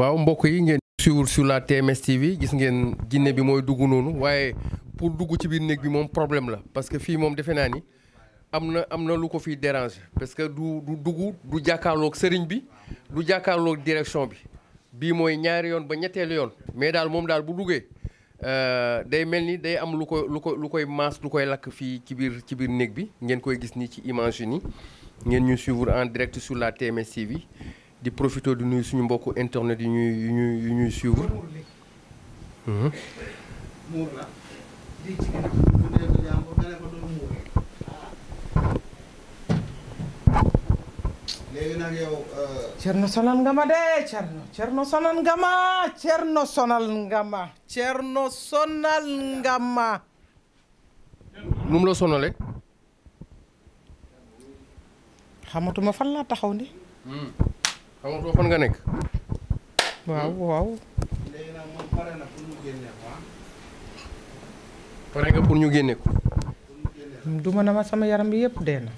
waaw mbokk yi ngeen suivre sur la TMS TV gis ngeen jinne bi mooy dugg noonu waaye pour dugg ci biir néeg bi moom problème la parce que fii moom defe naa ni am na am na lu ko fiy déranger parce que du du dugg du jàkkaarlook sëriñ bi du jàkkaarloog direction bi bii mooy ñaari yoon ba ñetteelu yoon mais daal moom daal bu duggee euh, day mel ni day am lu ko lu ko lu koy maas lu koy lakk fii ci biir ci biir néeg bi ngeen koy gis nii ci image yi nii ngeen ñu suivre en direct sur la TMS TV di profité di nuyu suñu mbokku internet yi ñuy yu ñuy yu ñuy suivre. Ah. léegi nag yow. Euh, Cerno sonal nga ma de Cerno Cerno sonal nga ma Cerno sonal nga ma Cerno sonal nga ma. nu la sonalee. xamatuma fan laa taxaw ni xamatoo fan nga nekk. waaw waaw. léegi pare ñu génne ko ah. pare nga pour ñu génne ko. du ma ne sama yaram bi yëpp dee na.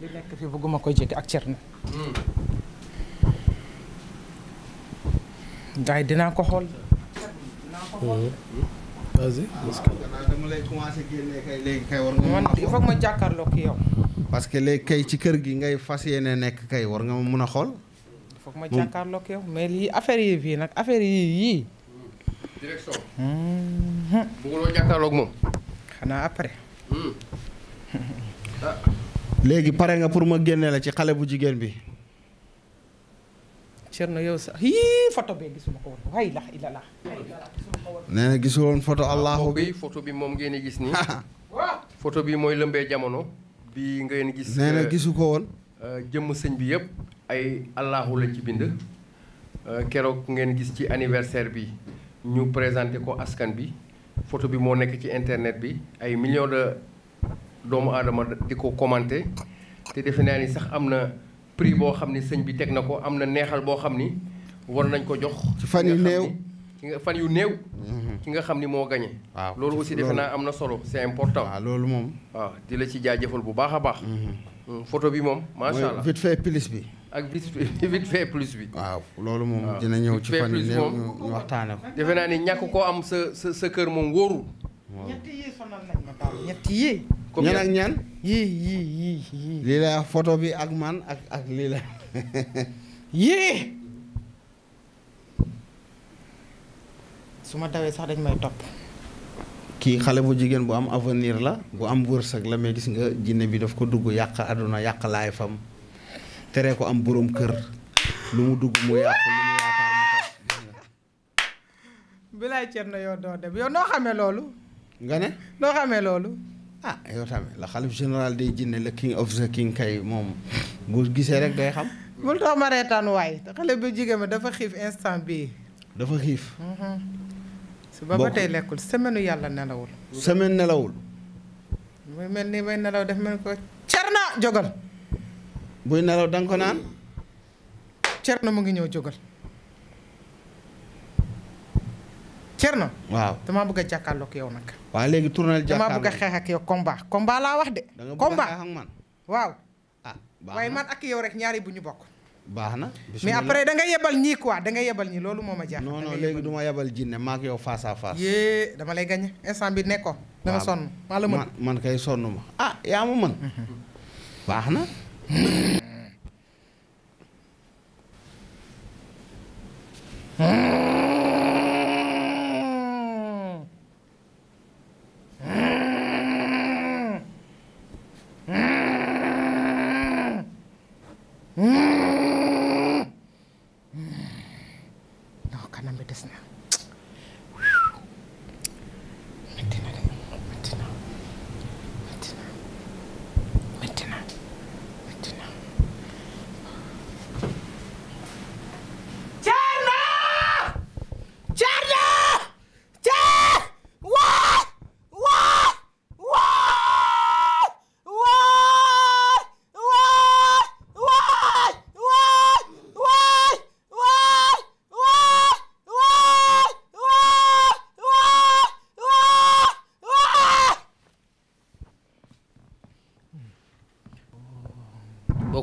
li nekk fi bëgguma koy jéggi ak cer na. Hmm. gars yi dinaa ko xool. vas commencé léegi kay war nga. ma jàkkaarloo ak yow. parce que léegi kay ci kër gi ngay fas yéene nekk kay war nga mun a xool. il faut ma jàkkaarloo ak yow mais lii affaire yi fii mhm. après. Hmm. Ah. léegi pare nga pour ma génne la ci xale bu jigéen bi. Thierno yow sax yii photo bee woon waaye ilaha na gisul bi photo bi moom ngeen gis nii. foto bi mooy lëmbee jamono. bi ngeen gis nee euh, gisu ko woon. Euh, jëmm sëñ bi yépp ay allahu la ci bind. Euh, keroog ngeen gis ci anniversaire bi ñu présenté ko askan bi foto bi moo nekk ci internet bi ay millions de doomu aadama di ko commenté te defe naa ni sax am na. prix boo xam ni sëñ bi teg na ko am na neexal boo xam ni war nañ ko jox. ci fan yu néew fan yu néew. Mhm. ki nga xam ni moo gañe waaw loolu aussi defe naa am na solo c'est important. waaw loolu moom. di la ci jaajëfal bu baax a baax. Mhm. Mm, photo bi moom macha allah vite fait bi. ak vite fait plus bi. waaw loolu moom dina ñëw ci fan yi néew ñu waxtaane ko. defe naa ni ñàkk koo am sa sa sa kër moom wóorul. ñan ak ñan. yii yii yii yii. lii la photo bi ak man ak ak lii la. yii. su ma tawee sax dañ may topp. kii xale bu jigéen bu am avenir la bu am wërsëg la mais gis nga jinne bi daf ko dugg yàq àdduna yàq laay fam tere ko am boroom kër lu mu dugg mu yàq lu mu yaakaar mu tax. doo dem yow noo xamee loolu. nga ne noo xamee loolu. ah yow tamit la xalif général day jinne la king of the king kay moom bu gisee rek day xam. bul tax ma reetaan waay xale bu jigéen ma dafa xiif instant bii. dafa xiif. Mhm. su ba ba tey lekkul semaine yàlla nelawul. semaine nelawul. muy mel ni may nelaw def mel ko cerna jógal. buy nelaw da ko naan. cerna mu ngi ñëw jógal. na waaw damaa bëgg a jàkkaarloog yow nag. waa léegi tournel jàkkaarloo dama bëgg a xeex ak yow combat laa wax de. da nga bëgg waaw. ah waaye man ak yow rek ñaari bu ñu bokk. baax na mais après da nga yebal ñii quoi da nga yebal ñii loolu moo ma jaaxal. non non léegi du ma yebal jinne maa ak yow face à face. yee dama lay gañe instant bi nekkoon. dama sonn maa la mën man kay sonn ma ah yaa ma mën. baax na. Hmm.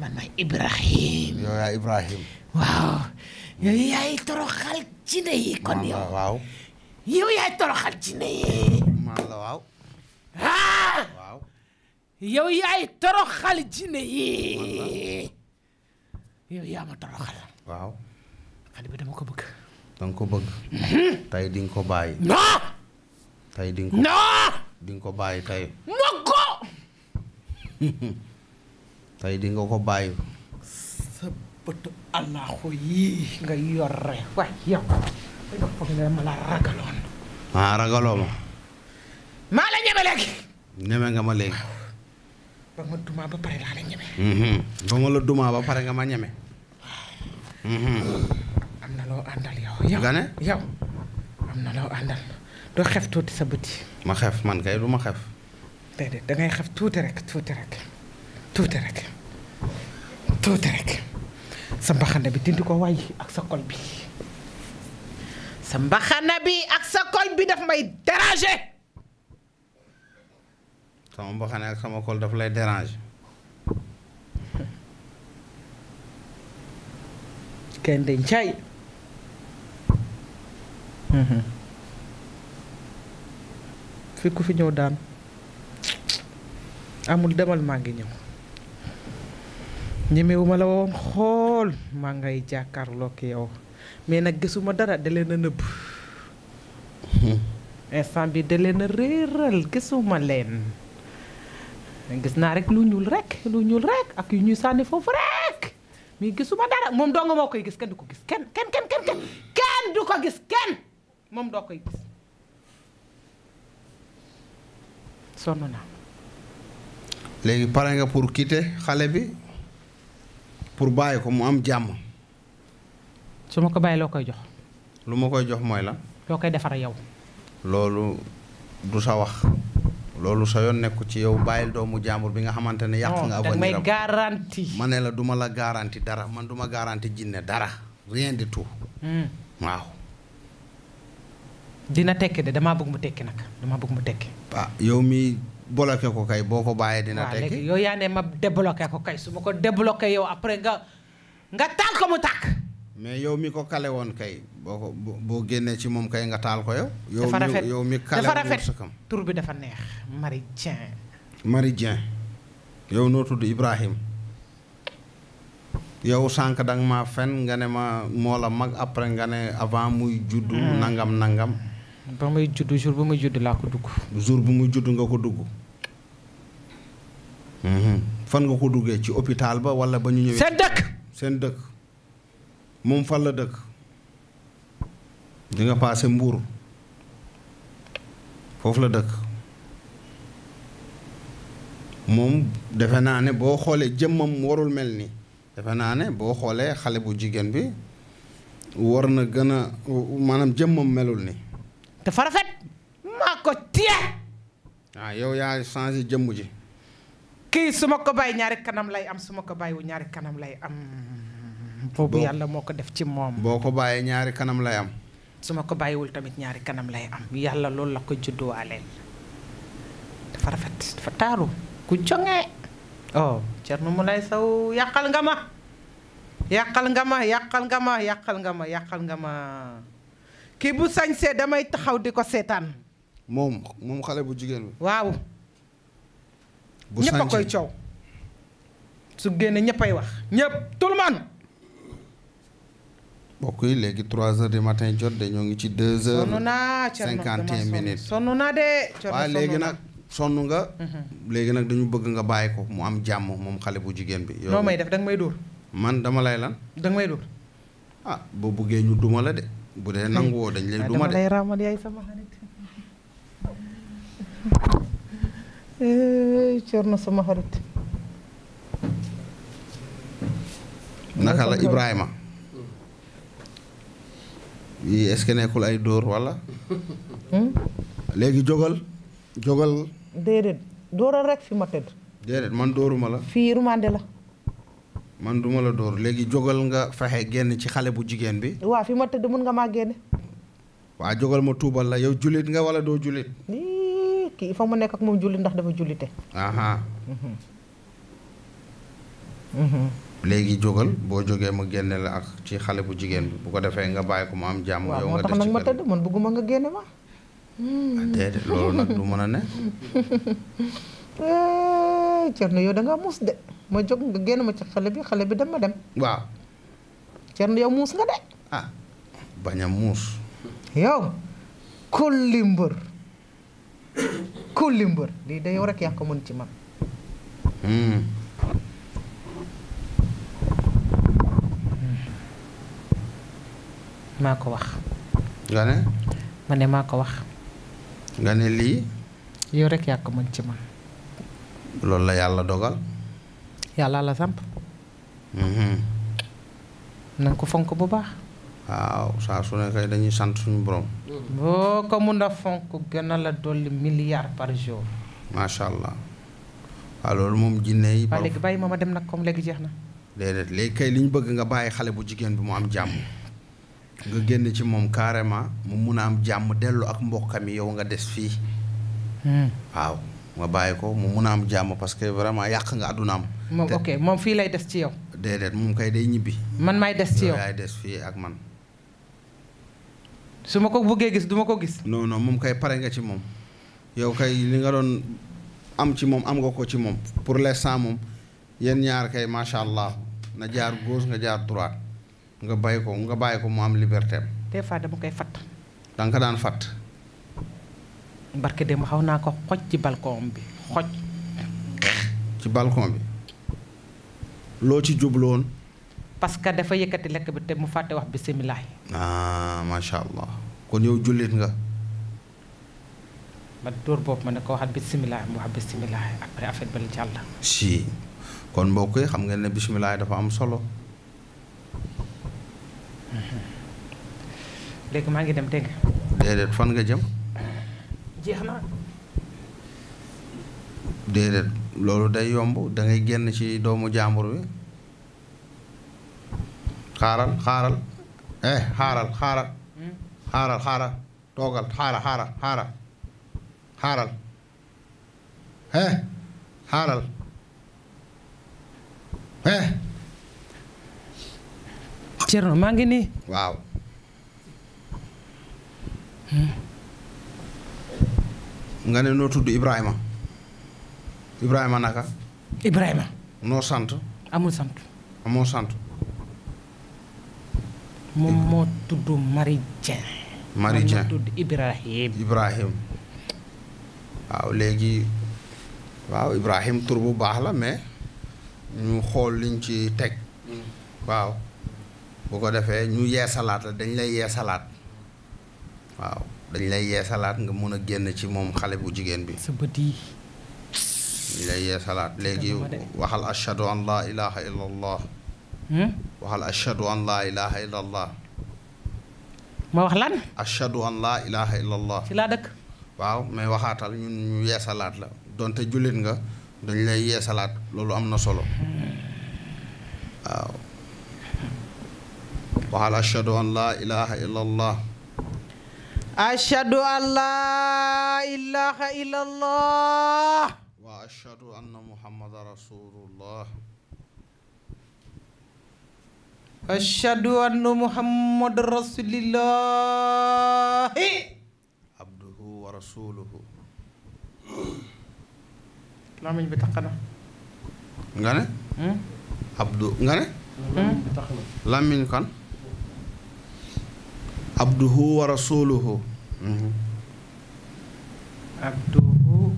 man maay Ibrahim yow yaay Ibrahim waaw yow yaay toroxal ci yi kon yow yow yaay toroxal ci yi ah! yow yaa ma toroxal waaw xale bi dama ko bëgg danga ko bëgg tey di ko bàyyi non tey di nga ko non di nga bàyyi tey tey di nga ko bàyyi. sa bëtu alaaxu yii nga yore waaye yow nga foog ne ma la ragaloon. ah ragaloo ma. maa la ñeme léegi. ñeme nga ma léegi. ba ma dumaa ba pare laa la ñeme. Mm-hmm. ba ma la dumaa ba pare nga ma ñeme. Mm-hmm. am na loo àndal yow. yow nga yow am na loo àndal doo xef tuuti sa bët yi. ma xef man kay du ma xef. déedéet da ngay xef tuuti rek tuuti rek. tuuti rek tuuti rek sa mbaxana bi dindi ko waay ak sa kol bi sa mbaxana bi ak sa kol bi daf may déranger. sama mbaxana ak sama kol daf lay déranger. kenn de njaay. Mhm. fi ku fi ñëw daan amul demal maa ngi ñëw. ñemewu la woon xool maa ngay jàkkaarloog yow mais nag gisuma dara da leen a nëbb hmm. instant bi da leen a réeral gisuma leen gis naa rek lu ñuul rek lu ñuul rek ak yu ñuy sànni foofu rek mais gisuma dara moom dong moo koy gis kenn du ko gis kenn kenn kenn du ko gis kenn moom doo koy gis sonn naa léegi pare nga pour quitter xale bi pour bàyyi ko mu am jàmm. su ma ko bàyyi loo koy jox. lu ma koy jox mooy la. loo koy defar yow. loolu du sa wax. loolu sa yoon nekku ci yow bàyyil doomu jàmbur bi nga xamante ne yàq nga. avenir am may ma ne la duma la garanti dara man duma garanti jinne dara rien du tout. Hmm. waaw. dina tekki de damaa bëgg mu tekki nag damaa bëgg mu tekki. ah yow mi bloqué ko kay boo ko bàyyee dina tekki yow yaa ne ma débloqué ko kay su ma ko débloqué yow après nga nga taal ko mu tàkk. mais yow mi ko kale woon kay boo ko boo génnee ci moom kay nga taal ko yow. dafa yow mi kale dafa rafet tur bi dafa neex Marie Dieng. Marie Dieng yow noo tudd Ibrahim yow sànq danga ma fen nga ne ma moo mag après nga ne avant muy juddu. Hmm. nangam nangam. ba muy juddu jour bu muy juddu laa ko dugg. jour bu muy juddu nga ko dugg. Mm-hmm. fan nga ko duggee ci hôpital ba wala ba ñu ñëwee. seen dëkk seen dëkk moom fan la dëkk di paase Mbuur foofu la dëkk moom defe naa ne boo xoolee jëmmam warul mel ni defe naa ne boo xoolee xale bu jigéen bi war na gën a maanaam jëmmam melul ni dafa rafet maa ko téye. waaw ah, yow yaa changé jëmm ji. kii su ma ko bàyyi ñaari kanam lay am su ma ko bàyyiwu ñaari kanam lay am. boobu yàlla moo ko def ci moom. boo ko bàyyee ñaari kanam lay am. su ma ko bàyyiwul tamit ñaari kanam lay am yàlla loolu la ko judduwaaleel dafa rafet dafa taaru ku joŋee. oh Thierno Moulay Sow yàqal nga ma yàqal nga ma yàqal nga ma yàqal nga ma yàqal nga ma kii bu sañsee damay taxaw di ko seetaan. moom moom xale bu jigéen waaw. bu ñëpp a koy coow. su génnee ñëppay wax ñëpp tout le monde. yi léegi trois heures du matin jot dañoo ngi ci deux heures. sonn naa cinquante et un minutes sonn naa de. waaw léegi nag sonn nga. Mhm. léegi nag dañu bëgg nga bàyyi ko mu am jàmm moom xale bu jigéen bi. yow noo may def danga may dóor. man dama lay lan. danga may dóor. ah boo buggee ñu duma la de. bu dee nanguwoo dañ lay duma de dama lay raamal yaay sama xarit. Cerno sama xarit. naka la Ibrahima. yii est ay dóor walla. Hmm? léegi jógal jógal. déedéet dóoral rekk fi ma tëdd. déedéet man dóoruma la. fii rumande la. man duma la dóor léegi jógal nga fexe génn ci xale bu jigéen bi. waaw fi ma tëdd mun nga maa génne. waa jógal ma tuubal la yow jullit nga walla doo jullit. ki il faut mu nekk ak moom julli ndax dafa jullite. Mhm. Mhm. léegi jógal boo jógee ma génne la ak ci xale bu jigéen bi bu ko defee nga bàyyi ko mu am jàmm. yow nga def ci tax nag ma tëdd nga génne ma. Ah, hmm. déedéet loolu nag mën a ne. Eh, Thierno yow da ngaa muus de ma jóg nga génn ma ci xale bi xale bi dem ma dem. waaw. Thierno yow muus nga de. ah muus. yow. kulli mbër. kulli mbër lii de yow rek yaa mën ci man hmm. Hmm. maa ko wax. nga ne. ma ne maa ko wax. nga ne lii. yow rek yaa mën ci man. loolu la yàlla dogal. yàlla la samp. Hmm. na ko fonk bu baax. waaw saa su ne dañuy sant suñu borom. boo ko mun a fonk gën a la dolli milliard par jour. macha allah waaw loolu moom jinne yi. waaw léegi bàyyi ma ma dem nag comme léegi jeex na. déedéet léegi kay bëgg nga bàyyi xale bu jigéen bi mu am jàmm. nga génn ci moom carrément mu mun a am jàmm dellu ak mbokkam yi yow nga des fii. Hmm. waaw nga bàyyi ko mu mun a am jàmm parce que vraiment yàq nga àddunaam. moom ok moom fii lay des ci yow. déedéet moom kay day ñibbi. man maay des ci yow yaay des fii ak man. su ma ko bëggee gis duma ko gis. non moom kay pare nga ci moom yow kay li nga doon am ci moom am nga ko ci moom pour l'instant moom yéen ñaar kay macha allah na jaar gauche nga jaar troit nga bàyyi ko nga bàyyi ko mu am liberté am. des dama koy fatt. da nga ko daan fatt. barke dem xaw naa ko xoj ci balcon bi xoj. ci balkon bi loo ci jubloon. parce que dafa yëkkati lekk bi te mu fàtte wax bisimilah. ah macha allah kon yow jullit nga. man dóor boobu ma ne ko waxaat bisimilah mu wax bisimilah après affaire bi jàll. si kon mbokk xam ngeen ne bisimilah dafa am solo. Mhm. léegi maa ngi dem dégg nga. déedéet fan nga jëm. jeex na. déedéet loolu day yomb dangay génn ci doomu jàmbur bi xaaral xaaral. eh xaaral xaaral xaaral xaaral toogal xaaral xaaral xaaral xaaral eh, eh. maa ngi nii waaw nga ne noo tudd Ibrahima Ibrahima naka Ibrahima noo sant amul sant amoo sant moom moo tudd Marie Dieng. Marie moo tudd Ibrahim. Ibrahim waaw léegi waaw Ibrahim tur bu baax la mais ñu xool liñ ci teg. waaw bu ko defee ñu yeesalaat la dañ lay yeesalaat waaw dañ lay salaat nga mën a génn ci moom xale bu jigéen bi. sa bët yi. dañ lay yeesalaat léegi waxal ashhadu an laa ilaaha illallah. Hmm? waxal ashadu an laa ilaha illa allah laa dëkk waaw mais waxaatal ñun ñu yeesalaat la donte jullit nga dañ lay yeesalaat loolu am na solo waaw waxal ashadu an laa ilaha illa allah ashadu an laa ilaha ashhadu anna muhammadan rasulillahi abduhu wa rasuluhu lamiñ bi taq nga ne hmm? abdu nga ne lamiñ kan abduhu wa rasuluhu hmm. abduhu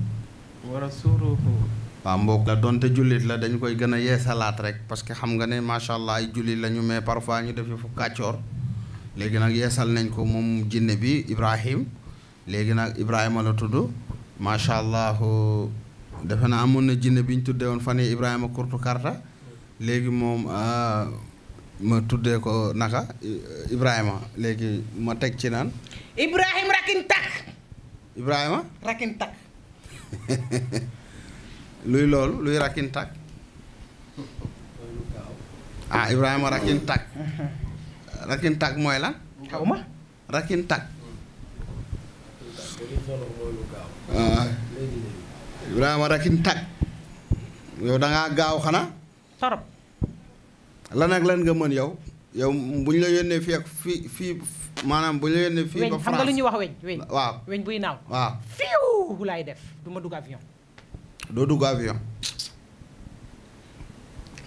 wa rasuluhu waaw mbook la donte jullit la dañu koy gën a yeesalaat rek parce que xam nga ne macha allah ay jullit la ñu mais parfois ñu def fu kàccoor léegi nag yeesal nañ ko moom jinne bi Ibrahim léegi nag Ibrahima tudd macha allah defe naa amoon na jinne bi ñu tuddee woon fan yii Ibrahima kurtu karta léegi moom ah, ma tuddee ko naka Ibrahima léegi ma teg ci naan. Ibrahima rakin Ibrahima rakin luy loolu luy rakkin tàkk ah Ibrahima rakkin tàkk rakkin mooy lan xaw ma rakkin tàkk waaw ah. Ibrahima yow dangaa gaaw xanaa torop lan ak lan nga mën yow yow bu ñu la yónnee fii ak fii fii maanaam bu ñu la yónnee fii ba France ñuy wax weñ weñ waaw weñ buy naaw waaw fiiw laay def du ma dugg avion doo dugg avion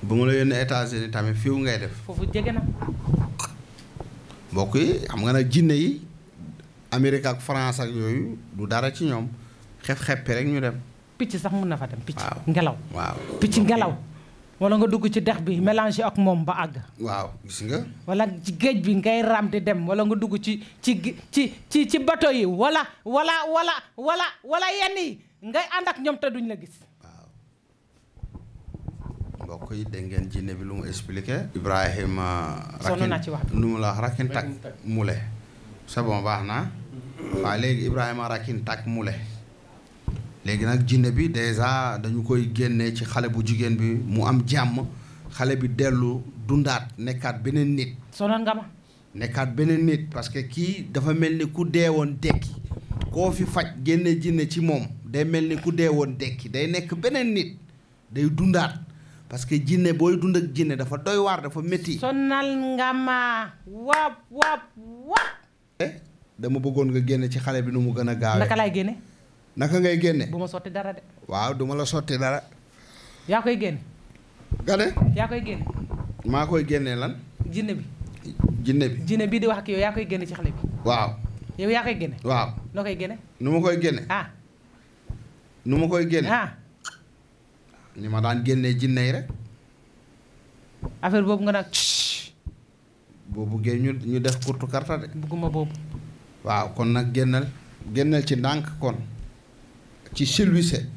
bu ma la yónnee États-Unis tamit fiw ngay def. foofu jege na. mbokk xam nga nag jinne yi Amérique ak France ak yooyu du dara ci ñoom xef-xeppi rek ñu dem. picc sax mun na fa dem. picc ngelaw waaw picc ngelaw. walla nga dugg ci dex bi mélangé ak moom ba àgg. waaw gis nga. walla ci géej bi ngay raam di dem wala nga dugg ci ci ci ci ci bato yi wala wala wala wala yenn yi. ngay ànd ak ñoom te duñ la gis. mbokk yi dégg ngeen jinne bi lu mu expliqué Ibrahima. sonn na ci wax nu mu la wax rakintak mule. c'est bon baax na waaye léegi Ibrahima rakintak mule. léegi nag jinne bi dèjà dañu koy génnee ci xale bu jigéen bi mu am jàmm xale bi dellu dundaat nekkaat beneen nit. sonal nga ma. nekkaat beneen nit parce que kii dafa mel ni ku deewoon dekki. koo fi faj génne jinne ci moom day mel ni ku dee woon dekki day nekk beneen nit day dundaat parce que jinne booy dund ak jinne dafa doy waar dafa metti sonal nga ma wap wap wap. Eh, dama bëggoon nga génne ci xale bi nu mu gën a gaawee. naka laay génne. naka ngay génne. bu ma sotti dara de. waaw duma la sotti dara. yaa koy génne. nga yaa koy génne. maa koy génne lan. jinne bi. jinne bi jinne bi di wax ak yow yaa koy génne ci xale bi. waaw. yow yaa koy génne. waaw noo koy génne. nu ma koy génne. ah. nu ma koy génne. ah. ni ma daan génne jinne yi rek. affaire boobu nga nag. boobu buggee ñu ñu def kurtu karta de. bugguma boobu. waaw kon nag génnal génnal ci ndànk kon ci silwise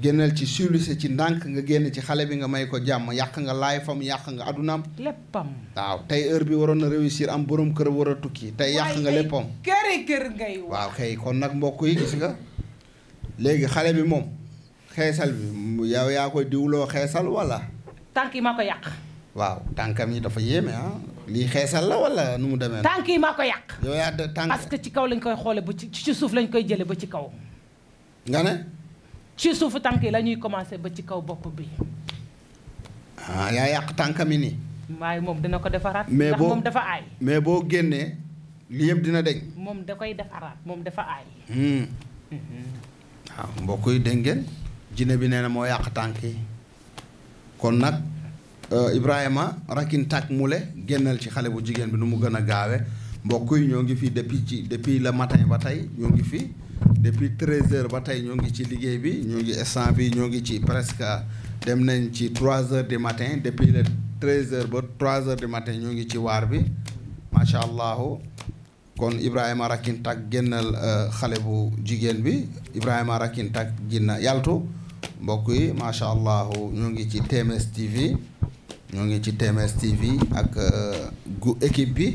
génnal ci sulise ci ndànk nga génn ci xale bi nga may ko jàmm yàq nga laay fam yàq nga addunaam léppam waaw tey heure bi waroon na réussir am boroom kër war a tukki tey yàq nga léppam këri kër ngay waaw kay kon nag mbokk yi gis nga léegi xale bi moom xeesal bi yow yaa koy diwloo xeesal walla tànk yi maa ko yàq waaw tànkam yi dafa yéeme ah lii xeesal la wala nu mu demee tànk yi maa ko yàq yow yaa tànk que ci kaw lañ koy xoole ba ci ci suuf lañ koy jële ba ci kaw nga ne ci suufu tànk yi lañuy ñuy commencé ba ci kaw bopp bi. ah yaa yàq tànkam yi nii. waaye moom dina ko defaraat. ndax moom dafa aay. mais boo génnee li yëpp dina deñ moom da koy defaraat moom dafa aay. waaw hmm. mm-hmm. ah, mbokk yi dégg ngeen bi nee na moo yàq tànk yi kon nag euh, Ibrahima rakin tak mule génnal ci xale bu jigéen bi nu mu gën a gaawe mbokk yi ñoo ngi fi depuis ci depuis le matin ba tey ñoo ngi fi. depuis treize heures ba tey ñoo ngi ci liggéey bi ñoo ngi instant bi ñoo ngi ci presque dem nañ ci trois heures du matin depuis le treize heures ba trois heures du matin ñoo ngi ci waar bi macha allahu kon Ibrahima Rakintak génnal euh, xale bu jigéen bi Ibrahima Rakintak ginna yaltu mbokk yi macha allahu ñoo ngi ci TMS TV. ñoo ngi ci TMS TV ak euh, gu équipe bi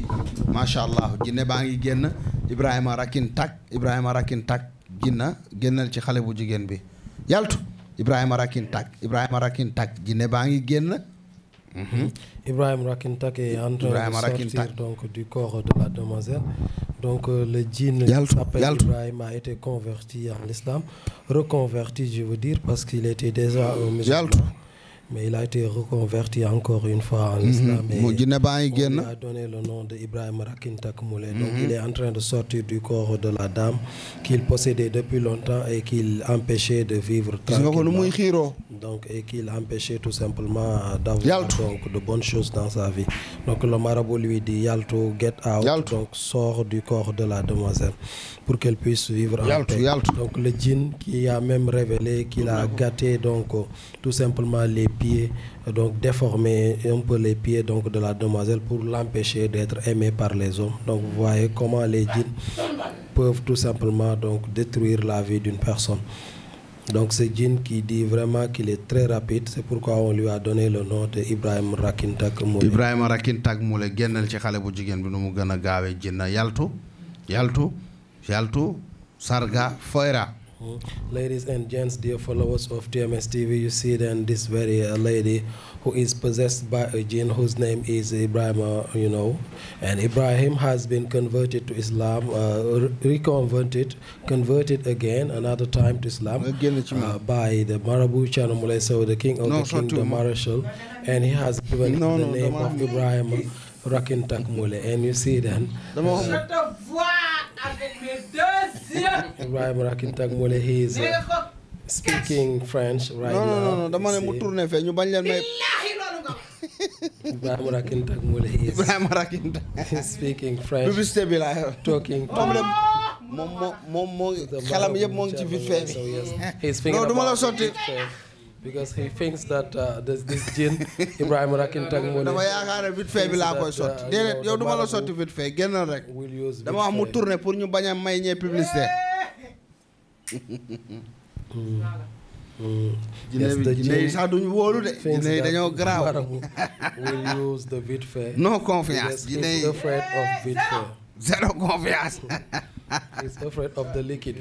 macha allah jinne baa ngi génn Ibrahima Rakin tak Ibrahima Rakin tak jinna génnal ci xale bu jigéen bi yaltu Ibrahima rakkintak Ibrahima Rakin tak jinne baa ngi génn. Mm-hmm. Ibrahim Rakintak est en train Ibrahim de sortir donc, la demoiselle. Donc euh, le a mais il a été reconverti encore une fois en mhm. islam. mu jinne baa ngi génn. on lui a donné le nom de Ibrahima Rakintak Moulé. donc mhm. il est en train de sortir du corps de la dame. qu'il possédait depuis longtemps et qu'il empêchait de vivre. gis nga ko nu muy xiiroo. donc et qu'il empêchait tout simplement. d'avoir donc de bonnes choses dans sa vie. donc le marabout lui dit yaltu get out. Yaltu. donc sort du corps de la demoiselle. pour qu'elle puisse vivre en paix. donc le djinn qui a même révélé qu'il a gâté donc tout simplement les pieds, donc déformer un peu les pieds donc, de la demoiselle pour l'empêcher d'être aimée par les hommes. Donc vous voyez comment les djinns peuvent tout simplement donc, détruire la vie d'une personne. Donc c'est djinn qui di vraiment kile très rapide, c'est pourquoi on lui a donné le nom de Ibrahim Rakintak Moulé. Ibrahim Rakintak Moulé génnal ci xale bu jigéen bi nu mu gën gaawee jinn yaltu yaltu yaltu sarga foyra Mm-hmm. Ladies and gents, dear followers of TMS TV, you see then this very uh, lady who is possessed by a jinn whose name is Ibrahim, uh, you know. And Ibrahim has been converted to Islam, uh, reconverted, converted again another time to Islam uh, by the Marabu Chanamulesa, the king of no, the kingdom, Marshal. And he has given no, no, the name of Ibrahim Rakintak Mule. And you see then. Ibrahima Rakintak Mole he uh, dama ne mu tourné fee ñu bañ leen may. Ibrahima Rakintak Mole he is. Ibrahima Rakintak. speaking French. Oh, moom moom xelam yëpp moo ngi ci vite fait bi. non la sotti. because he thinks that uh, there's this bi laa koy sotti uh, déedéet yow du la sotti vite fait génnal rek. dama mu tourné pour ñu bañ a may ñee publicité. Hmm. jinne yi sax duñu wóolu de. jinne yi dañoo garaaw. no confiance jinne yi. zero confiance. he's afraid of the liquid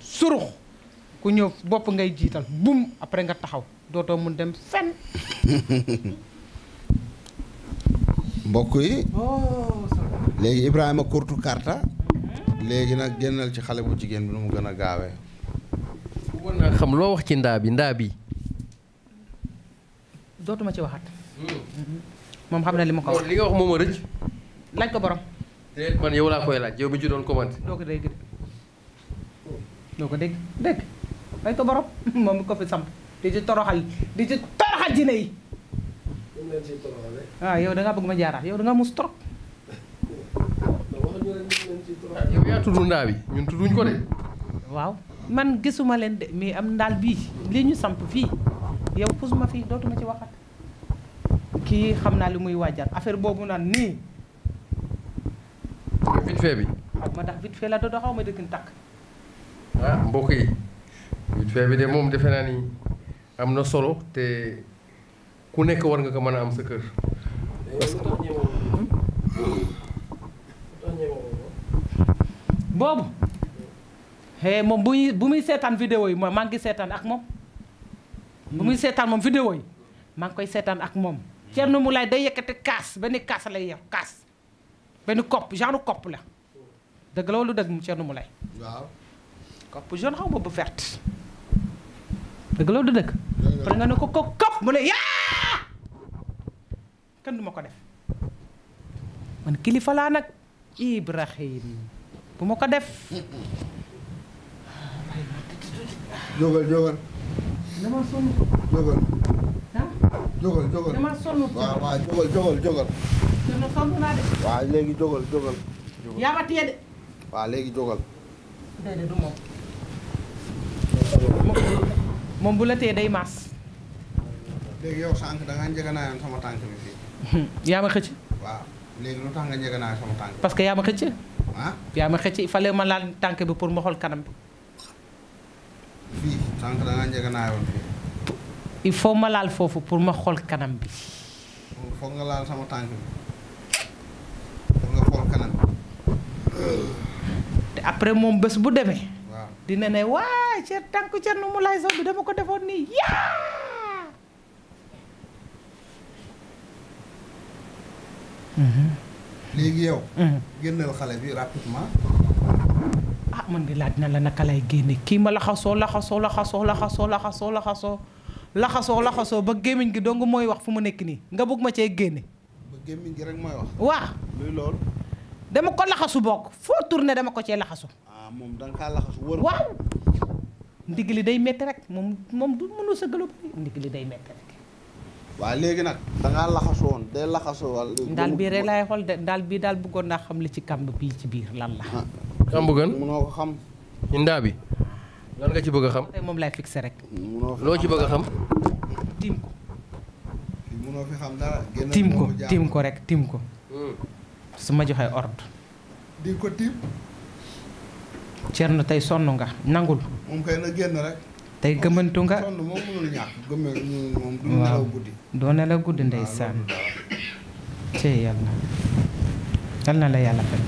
surux ku ñëw bopp ngay jiital bum après nga taxaw dootoo mun dem fenn mbokk yi oh, léegi Ibrahima kurtu karta léegi nag génnal ci xale bu jigéen bi nu mu gën a gaawee. bëggoon xam loo wax ci ndaa bi ndaa bi. dootuma ci waxat hmm. moom xam na li ma ko wax. li nga moom a rëcc. laaj ko borom. déedéet man yow laa koy laaj yow doon ko dégg doo ko ko borom moom mi ko fi samp di ci toroxal di ci toroxal jinne yi. waaw ah, yow da bëgg ma jaaraat yow da ngaa mus Ah, yow yaa tudd ndaa bi ñun tudduñ ko de. waaw man gisuma leen de mais am ndaal bii li ñu samp fii yow pusuma fii dootuma ci waxat kii xam naa li muy waajal affaire boobu naan nii. vite fait bi. xaw ma ma dëgg takk. Ah, mbokk yi vite moom defe naa ni am na solo te ku nekk war nga ko mën a am sa kër. boobu eh moom buy bu muy seetaan vidéo yi ma maa ngi seetaan ak moom. bu muy seetaan moom vidéo yi maa ngi koy seetaan ak moom. Thierno Moulay day yëkkati kaas benn kaas lay yor kaas benn kopp genre kopp la dëgg la wala dëgg Thierno Moulay. xaw ma bu verte dëgg la wala pare nga ne ko ko kopp mu ne yaa kenn du ma ko def man kilifa laa nag Ibrahim. bu ma ko def. jógal jógal. dama sonn. jógal. jógal jógal dama waaw waaw jógal jógal jógal. waaw léegi jógal jógal. moom. bu la téye day maas. léegi yow sànq da ngaa njëganaayoon sama tànk bi fii. yaa ma xëcc. waaw léegi lu tax nga njëganaay sama tànk. parce que yaa ma xëcc. yaa ma fa fale ma laal tànk bi pour ma xool kanam bi. fii tànk da njëganaayoon fii. il faut ma laal foofu pour ma xool kanam bi. foog nga laal sama tànk bi foog te après moom bés bu demee. waaw dina ne waay cer tànk cer nu mu laay saw bi dama ko defoon nii yaa. Mhm. léegi yow. Mhm. génnal xale bi rapidement. ah man di laaj na la naka lay génne kii ma laxasoo laxasoo laxasoo laxasoo laxasoo laxasoo laxasoo laxasoo ba gémmiñ gi dong mooy wax fu mu nekk nii nga bëgg ma cee génne. ba gémmiñ gi rek mooy wax. waaw luy loolu. dama ko laxasu bokk foo tourné dama ko cee laxasu. ah moom da nga kaa laxasu wër. waaw ndigli day metti rek moom moom du mënul sëggalu ndigli day métti rek. waaw léegi nag dangaa laxasu woon day laxasu bii rek laay xool daal bii daal bëggoon naa xam li ci kàmb bii ci biir lan la ah. kàmb gën munoo ko xam indaa bi lan nga ci bëgg a xam moom lay fixé rek loo ci bëgg a xam tiim ko tiim ko ko rek tiim ko hmm. su ma joxee ordre di ko tiim Cerno tey sonn nga nangul tey gëmantu nga. sonn moom mënul ñàkk nelaw guddi. doo nelaw guddi ndeysaan. yàlla la yàlla fay.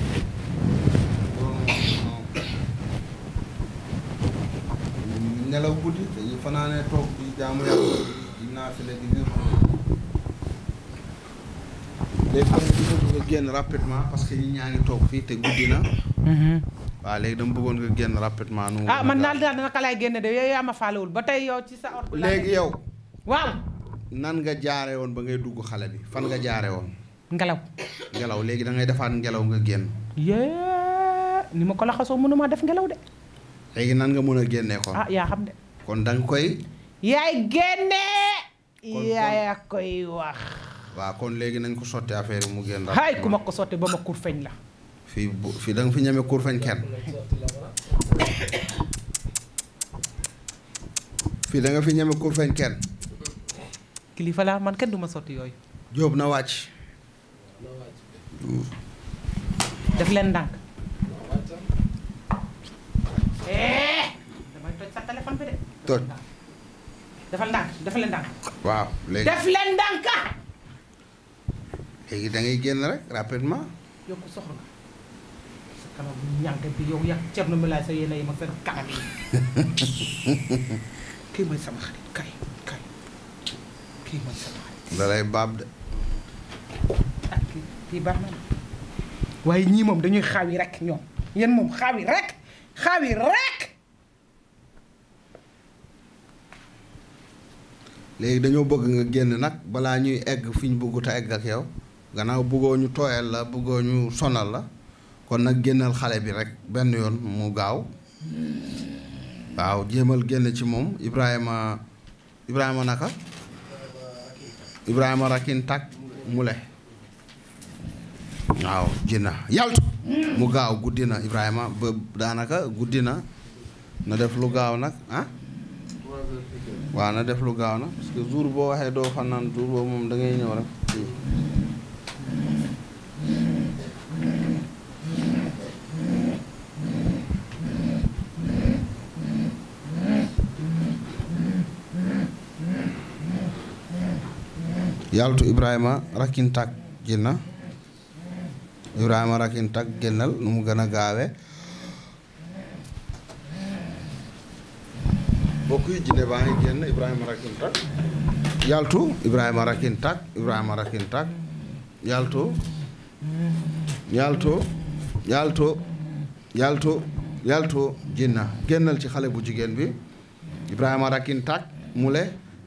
nelaw guddi dañuy fanaane toog toog fii te guddi na. Mm-hmm. waaw léegi dama bëggoon nga génn rapidement. ah man daal daal naka laay génne de yow yaa ma faalewul ba tey yow ci sa ordre. léegi yow. waaw. nan nga jaare woon ba ngay dugg xale bi fan nga jaare woon. ngelaw. ngelaw léegi da ngay defaat ngelaw nga génn. yee ni ma ko laxasoo mënuma def ngelaw de. léegi nan nga mën a génnee ko ah yaa xam de. kon da koy. yaay génnee. yaa koy wax. waa kon léegi nañ ko sotti affaire yi mu génn. raadu hay ku ma ko sotti ba ma kur feeñ la. fii bu fii da nga fi ñeme kur kenn fii da fi ñeme kur kenn. kilifa laa man kenn du sotti yooyu. Jóob na wàcc. def leen ndànk. de. leen ndànk. waaw léegi def leen ndànk. léegi da génn rek rapidement. kanam ñànk bi yow yàgg Thierno Moulay Sow yéen kii mooy sama xarit kay kii mooy sama xarit. da baab de. waaye ñii moom dañuy xaaw yi rek ñoom yéen moom xaaw yi rek xaaw yi rek. léegi dañoo bëgg nga génn nag balaa ñuy egg fi ñu bëggut a egg ak yow gannaaw bëggoo ñu tooyal la bëggoo ñu sonal la. kon nag génnal xale bi rek benn yoon mu gaaw waaw jéemal génn ci moom Ibrahima Ibrahima naka Ibrahima rakin tak mu le waaw jinna yaltu mu gaaw guddi na Ibrahima ba daanaka guddi na na def lu gaaw nag ah waaw na def lu gaaw na parce que jour boo waxee doo fanaan jour boobu moom da ngay ñëw rek yàllatu ibrahima rakkin tàg ginna ibrahima rakkin tàg génnal nu mu gën a gaawe bokki yi jinne baa ngi génn ibrahima rakkin tàg yàllatu ibrahima rakkin tàg ibrahima rakkin tàg yàllatu yàllatu yàllatu yàllatu yàllatu génnal ci xale bu jigéen bi ibrahima rakkin tàg mule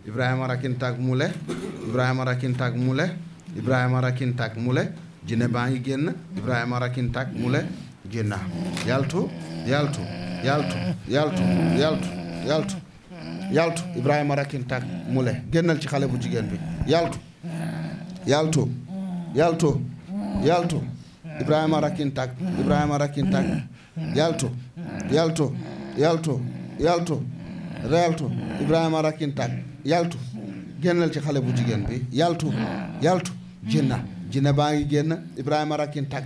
ibrahima rakkin tàg mule Ibrahima Rakintak Moule Ibrahima Rakintak Moule jinne baa ngi génn Ibrahima Rakintak Moule jinna yaltu yaltu yaltu yaltu yaltu yaltu yaltu Ibrahima Rakintak Moule génnal ci xale bu jigéen bi yaltu yaltu yaltu yaltu Ibrahima Rakintak Ibrahima Rakintak yaltu yaltu yaltu yaltu yaltu Ibrahima Rakintak yaltu génnal ci xale bu jigéen bi yaltu yaltu jinna jinna baa ngi génn Ibrahima rakkin tag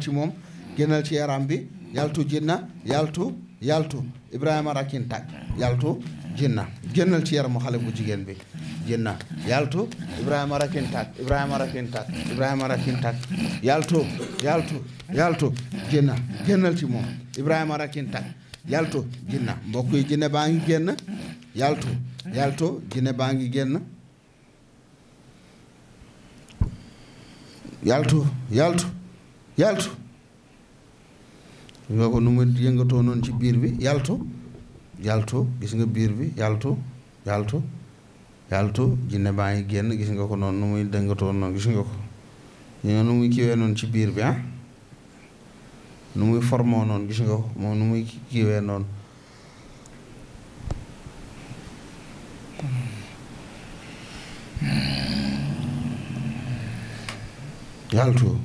ci moom génnal ci yaram bi yaltu jinna yaltu yaltu Ibrahima rakkin tag yaltu jinna génnal ci yaramu xale bu jigéen bi jinna yaltu Ibrahima rakkin tag Ibrahima rakkin tag Ibrahima yaltu jinna génnal ci moom Ibrahima rakkin yaltu jinna mbokk jinne baa ngi génn yaltu yaltu jinne baa ngi génn yaltu yaltu yaltu nga ko nu mu yëngatoo noonu ci biir bi yaltu yaltu gis nga biir bi yaltu yaltu yaltu jinne baa ngi génn gis nga ko noonu nu muy dëngatoo noonu gis nga ko ci biir bi nu muy formoo noonu gis nu muy kiiwee noonu yaltu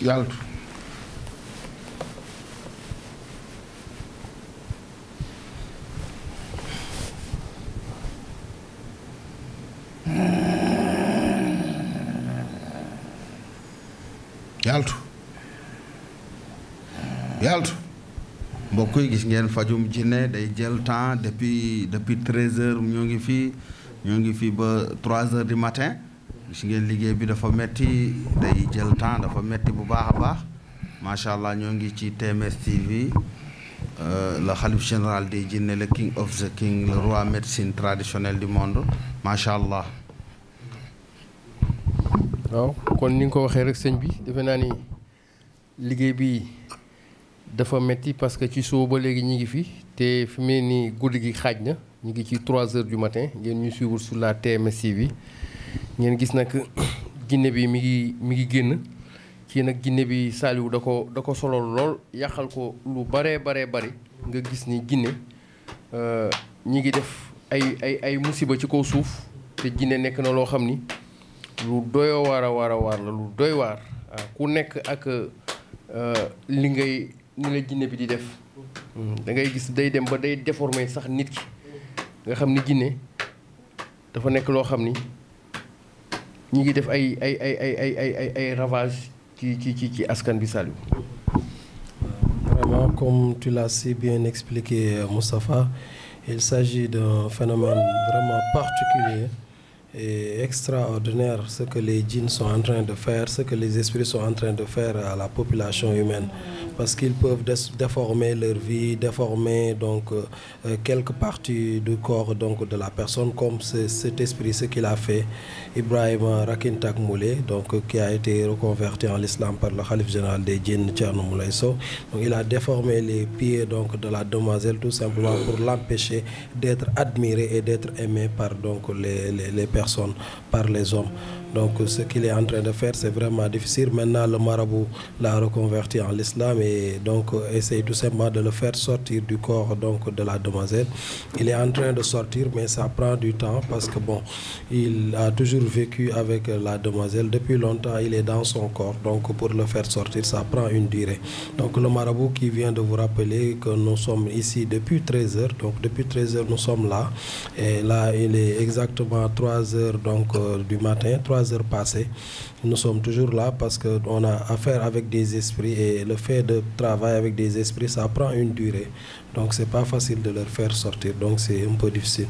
yàllatu yàllatu yàllatu mbokk yi gis ngeen fajum jinne day jël temps depuis depuis treize heures ñoo ngi fii ñoo ngi fii ba trois heures du matin gis ngeen liggéey bi dafa metti day jël temps dafa metti baax a baax macha allah ñoo ngi ci TMS TV euh, le xalif général des jinne la king of the king le roi médecine traditionnelle du monde macha allah. waaw kon ni nga ko waxee rek sëñ bi defe naa ni liggéey bi dafa metti parce que ci suba ba léegi ñu ngi fi te fi mu nii guddi gi xaaj na ñu ngi ci trois heures du matin ngeen ñu suivre su la TMS TV ngeen gis nag jinne bi mi ngi mi ngi génn. kii nag Guinée bi Saliou da ko da ko solo lool yàqal ko lu baree baree bari nga gis ni Guinée euh, ñi ngi def ay ay ay musiba ci kaw suuf te jinne nekk na loo xam ni lu doy waar a waar a waar la lu doy waar euh, ku nekk ak euh, li ngay ni la jinne bi di def hmm, dangay gis day dem ba day déformer sax nit ki nga xam ni jinne dafa nekk loo xam ni ñi ngi def ay ay ay ay ay ay ay ravage ci ci ci ci askan bi Saliou. vraiment comme tu l'as si bien expliqué Moustapha il s'agit d'un phénomène vraiment particulier et extraordinaire ce que les djinns sont en train de faire ce que les esprits sont en train de faire à la population humaine parce qu'ils peuvent déformer leur vie, déformer donc euh, euh, quelques parties du corps donc de la personne, comme cet esprit, ce qu'il a fait, Ibrahim Rakintak Moulé, donc euh, qui a été reconverti en l'islam par le Khalif général des djinns, Tcherno Donc il a déformé les pieds donc de la demoiselle tout simplement pour l'empêcher d'être admiré et d'être aimé par donc les, les, les personnes, par les hommes. Donc ce qu'il est en train de faire, c'est vraiment difficile. Maintenant, le marabout l'a reconverti en l'islam et donc euh, essaye tout simplement de le faire sortir du corps donc, de la demoiselle. Il est en train de sortir, mais ça prend du temps parce que bon, il a toujours vécu avec la demoiselle. Depuis longtemps, il est dans son corps. Donc pour le faire sortir, ça prend une durée. Donc le marabout qui vient de vous rappeler que nous sommes ici depuis 13 heures. Donc depuis 13 heures, nous sommes là. Et là, il est exactement 3 donc, euh, trois heures passées nous sommes toujours là parce que on a affaire avec des esprits et le fait de travailler avec des esprits ça prend une durée Donc c'est pas facile de leur faire sortir. Donc c'est un difficile.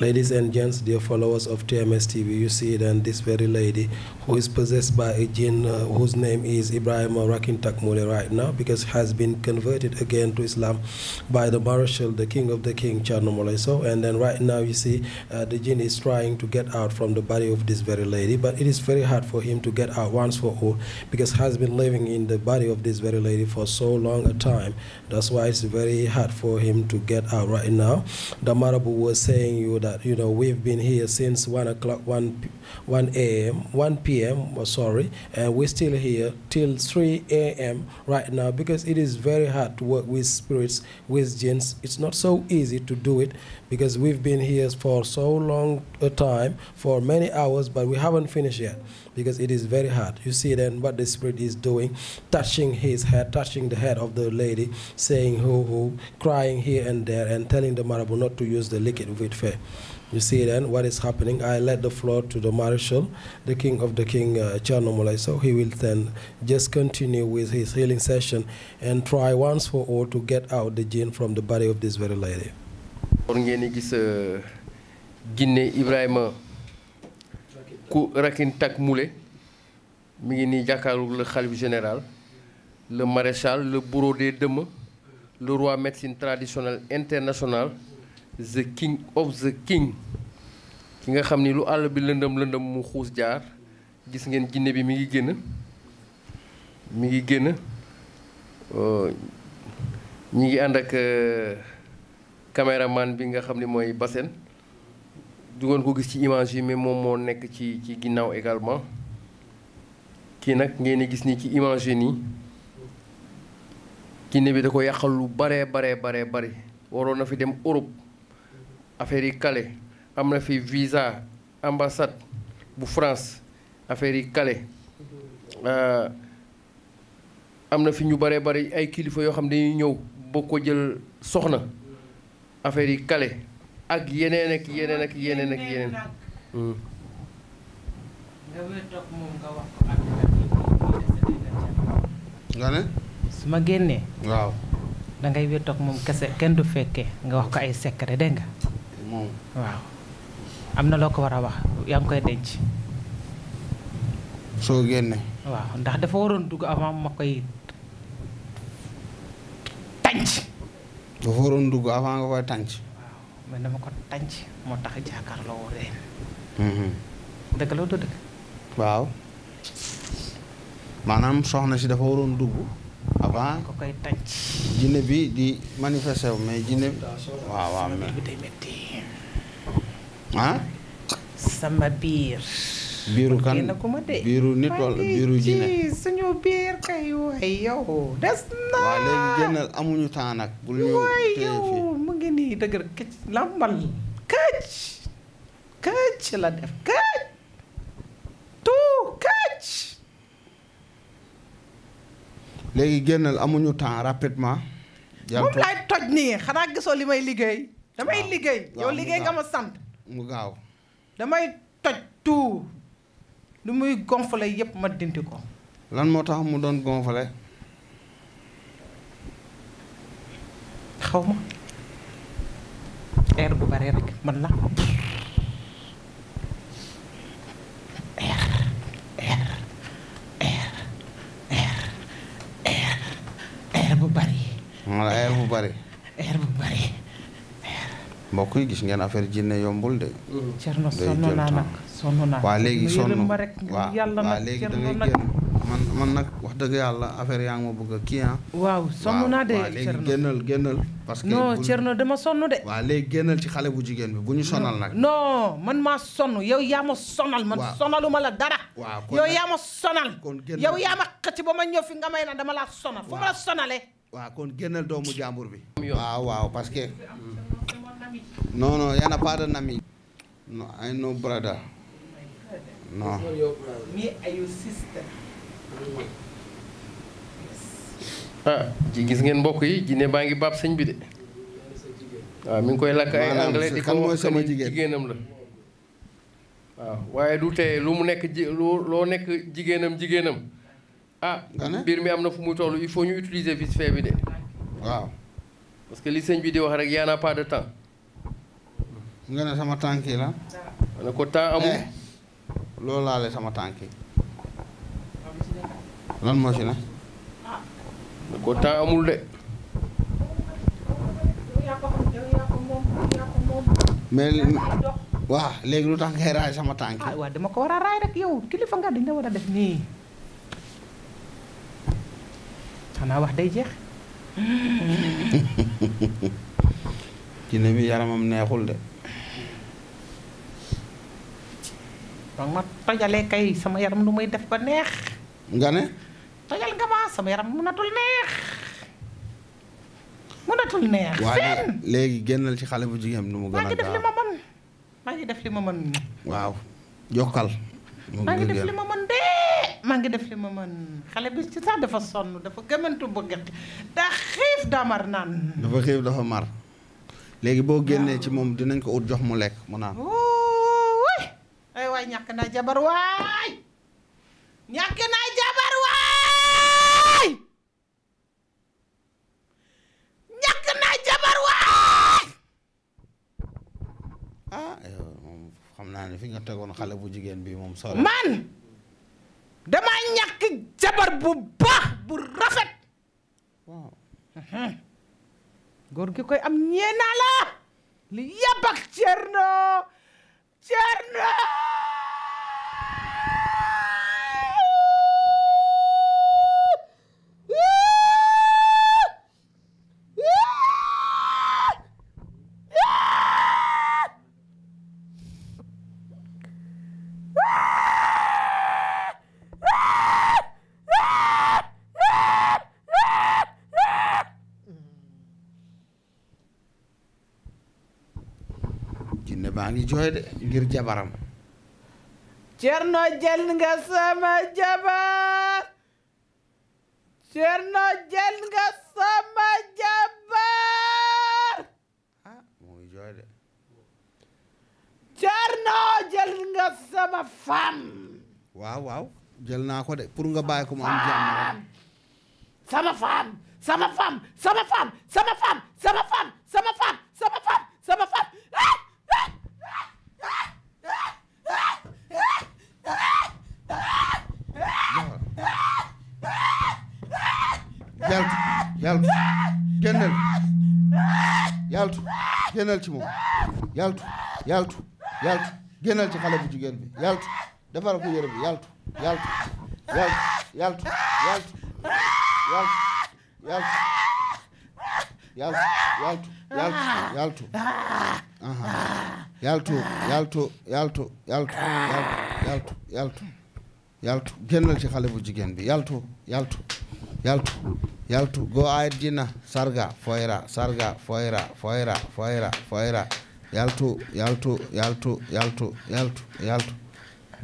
Ladies and gents, dear followers of TMS TV, you see then this very lady who is possessed by a jinn uh, whose name is Ibrahim Rakin Takmule right now because has been converted again to Islam by the Marshal, the king of the king, Charno Moleso. And then right now you see uh, the jinn is trying to get out from the body of this very lady, but it is very hard for him to get out once for all because has in the body of for him to get out right now. The Marabu was saying you that you know we've been here since one o'clock, one, one a.m., one p.m. Oh, sorry, and we're still here till three a.m. right now because it is very hard to work with spirits, with gins. It's not so easy to do it because we've been here for so long a time, for many hours, but we haven't finished yet because it is very hard. You see then what the spirit is doing, touching his head, touching the head of the lady, saying hoo hoo, crying here and there, and telling the marabu not to use the liquid with faith. You see then what is happening. I let the floor to the marshal, the king of the king, uh, he will then just continue with his healing session and try once kon ngeen di gis euh, Guinée Ibrahima ku Rakin Tak Moulé mi ngi nii jàkkaarloog le xalif général le maréchal le bourreau des dëmm le roi médecine traditionnelle internationale the king of the king ki nga xam ni lu àll bi lëndëm lëndëm mu xuus jaar gis ngeen jinne bi mi ngi génn mi ngi génn euh, ñi ngi ànd ak euh, man bi nga xam ni mooy Bassène du ngeen ko gis ci image yi mais moom moo nekk ci ci ginnaaw également kii nag ngeen di gis nii ci image nii Guinée bi da ko yàqal lu baree baree baree bari waroon na fi dem Europe affaire yi kale am na fi visa ambassade bu France affaire yi kale euh, am na fi ñu baree bari ay kilifa yoo xam dañuy ñëw boo ko jël soxna affaire yi kale ak yeneen ak yeneen ak yeneen ak yeneen. Hmm. nga ne. su ma génnee. waaw. da ngay wér toog moom kese kenn du fekkee nga wax ko ay secret dégg nga. waaw. am na loo ko war a wax yaa ngi koy denc. soo génne. waaw ndax dafa waroon dugg avant ma koy tànc. dafa waroon dugg avant nga koy tànc. waaw mais dama ko tànc moo tax jàkkaarloo mhm. waaw maanaam soxna si dafa waroon dugg. avant ko koy tànc. jinne bi di manifester wu mais jinne. waaw waaw mais. ah. sama biir. biiru kan biiru nit wala biiru jinne ci suñu biir kay waay yow des na waaw léegi génnal amuñu temps nag bul ñu yow mu ngi nii dëgër këcc làmbal këcc la def këcc tout këcc léegi génnal amuñu temps rapidement moom laay toj nii xanaa gisoo li may liggéey damay liggéey yow liggéey nga ma sant mu gaaw damay toj tout lu muy gonfale yépp ma dindi ko lan moo tax mu doon gonfale xaw ma air bu bari rek man la air air air air air bu bari. air bu bari air bu bari mbokk yi gis ngeen affaire jinne yombul de. Thierno mm-hmm. sonn naa nag sonn naa waaw léegi ma rek yàlla nag da ngay génn man man nag wax dëgg yàlla affaire yaa ngi ma bëgg a kii ah. waaw sonn naa de Thierno parce que non Thierno dama sonn de. waaw léegi génnal ci xale bu jigéen bi bu ñu sonal nag. non man maa sonn yow yaa ma sonal. man sonaluma la dara. waaw yow yaa ma sonal. kon génnal yow yaa ma xëcc ba ma ñëw fi nga may na dama laa sonal. waaw fu ma la sonalee. waaw kon génnal doomu jàmbur bi. waaw waaw parce No, no, you're not part ah gis ngeen mbokk yi jinne baa ngi baab sëñ bi de waaw ah, mi ngi koy lakk ay anglais di ko wax sama jigéenam la waaw ah, waaye du tee lu mu nekk ji loo nekk jigéenam jigéenam ah mbir mi am na fu muy toll il faut ñu utiliser vite bi de waaw parce que li sëñ bi di wax rek y pas de temps nga ne sama tànk yi la. ma ah. ko temps amul. Eh, loolu laale sama tànk yi. lan moo ci ne. ne ko temps amul de. mais waaw léegi lu tax ngay raay sama tànk yi. Ah, dama ko war a raay rek yow kilifa nga dañ la war a def nii. xanaa wax day jeex. jinne bi yaramam neexul de. donc ma tojale kay sama yaram lu muy def ba neex. nga ne. tojal nga sama yaram mënatul neex mënatul neex. seen léegi génnal ci xale bu jigéen nu mu gën maa ngi def li ma mën maa ngi ma mën. waaw jokkal. maa ngi def li ma mën de maa ngi def li ma mën xale bi ci sax dafa sonn dafa gëmantu bëgg daa xiif daa mar naan. dafa xiif dafa mar léegi boo génnee ci moom dinañ ko ut jox mu lekk mu naan. ay waay ñàkk naa jabar waay ñàkk naa jabar waay ñàkk jabar waay ah moom xam naa ne fi nga tegoon xale bu jigéen bi moom sore man dama ñàkk jabar bu baax bu rafet waaw góor koy am ñee naa la li yàbbak Cerno Cerno maa ngi jooy de ngir jabaram cerno jël nga sama jabar cerno jël nga sama jabar ah mu ngi jooy de cerno jël nga sama femme waaw waaw jël naa ko de pour nga bàyyi ko mu am jàmm sama femme sama femme sama femme sama femme sama femme sama femme sama femme yaltu yaltu génnal yaltu génnal ci moom yaltu yaltu yaltu génnal ci xale bu jigéen bi yaltu defal ko yére bi yaltu yaltu yaltu yaltu yaltu yaltu yaltu yaltu yaltu yaltu yaltu yaltu yaltu yaltu yaltu yaltu yaltu yaltu génnal ci xale bu jigéen bi yaltu yaltu yaltu yaltu go ayiddina sarga foyra sarga foyra foyra foyra foyra yaltu yaltu yaltu yaltu yaltu yaltu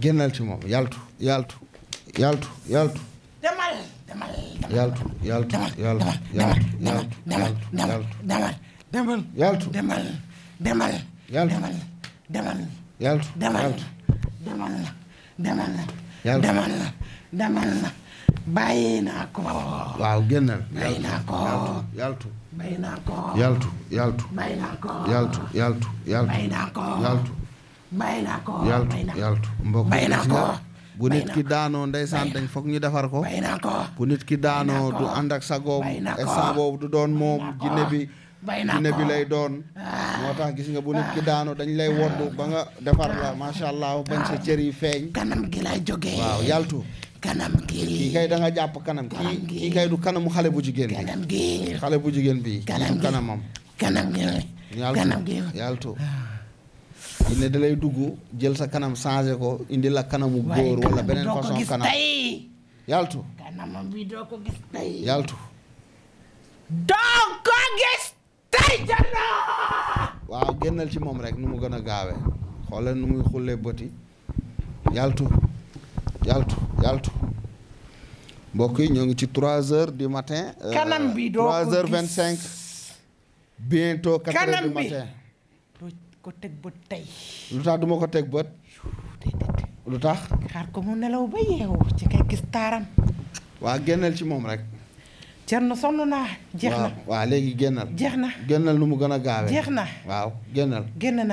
génnal ci moom yaltu yaltu yaltu yaltu demal demal yaltu yaltu yaltu yaltu yaltu yaltu demal yaltu demal demal yaltu demal yaltu demal demal demal demal demal bàyyi naa ko. waaw génnal. bàyyi naa ko yaltu yaltu yaltu. yaltu yaltu. yaltu. yaltu yaltu. mbokk bu nit ki daanoo ndeysaan dañ foog ñu defar ko. bàyyi bu nit ki daanoo du ànd ak sagoom. bàyyi boobu du doon moom jinne bi. jinne bi lay doon ah. moo tax gis nga bu nit ki ah. daanu dañ lay wodd ba nga defar la ah. macha allah bañ sa cër yi feeñ kanam gi lay jógee waaw yaltu kii kay da jàpp kanam gi kii kay du kanamu xale bu jigéen bi kanam xale bu jigéen bi kanam kanamam kanam gi dugg jël sa kanam changé ko indi la kanamu góor wala doo ko gis tey yàltu doo waaw génnal ci moom rek nu mu gën a gaawee xoolal nu muy xullee bëti yàltu yàltu altu mbokk yi ñoo ngi ci trois heures du matin. Euh, kanam bi doo ko gis trois cinq. bientôt quatre heures du kanam bi ko teg bët lu tax du ma ko teg bët. lu tax. xaar ko mu nelaw ba yeewu ci kay gis taaram. waa génneel ci moom rek. Cerno sonn naa. jeex na waa léegi génnal. jeex na génnal nu mu gën a gaawee. jeex na waaw génnal. génn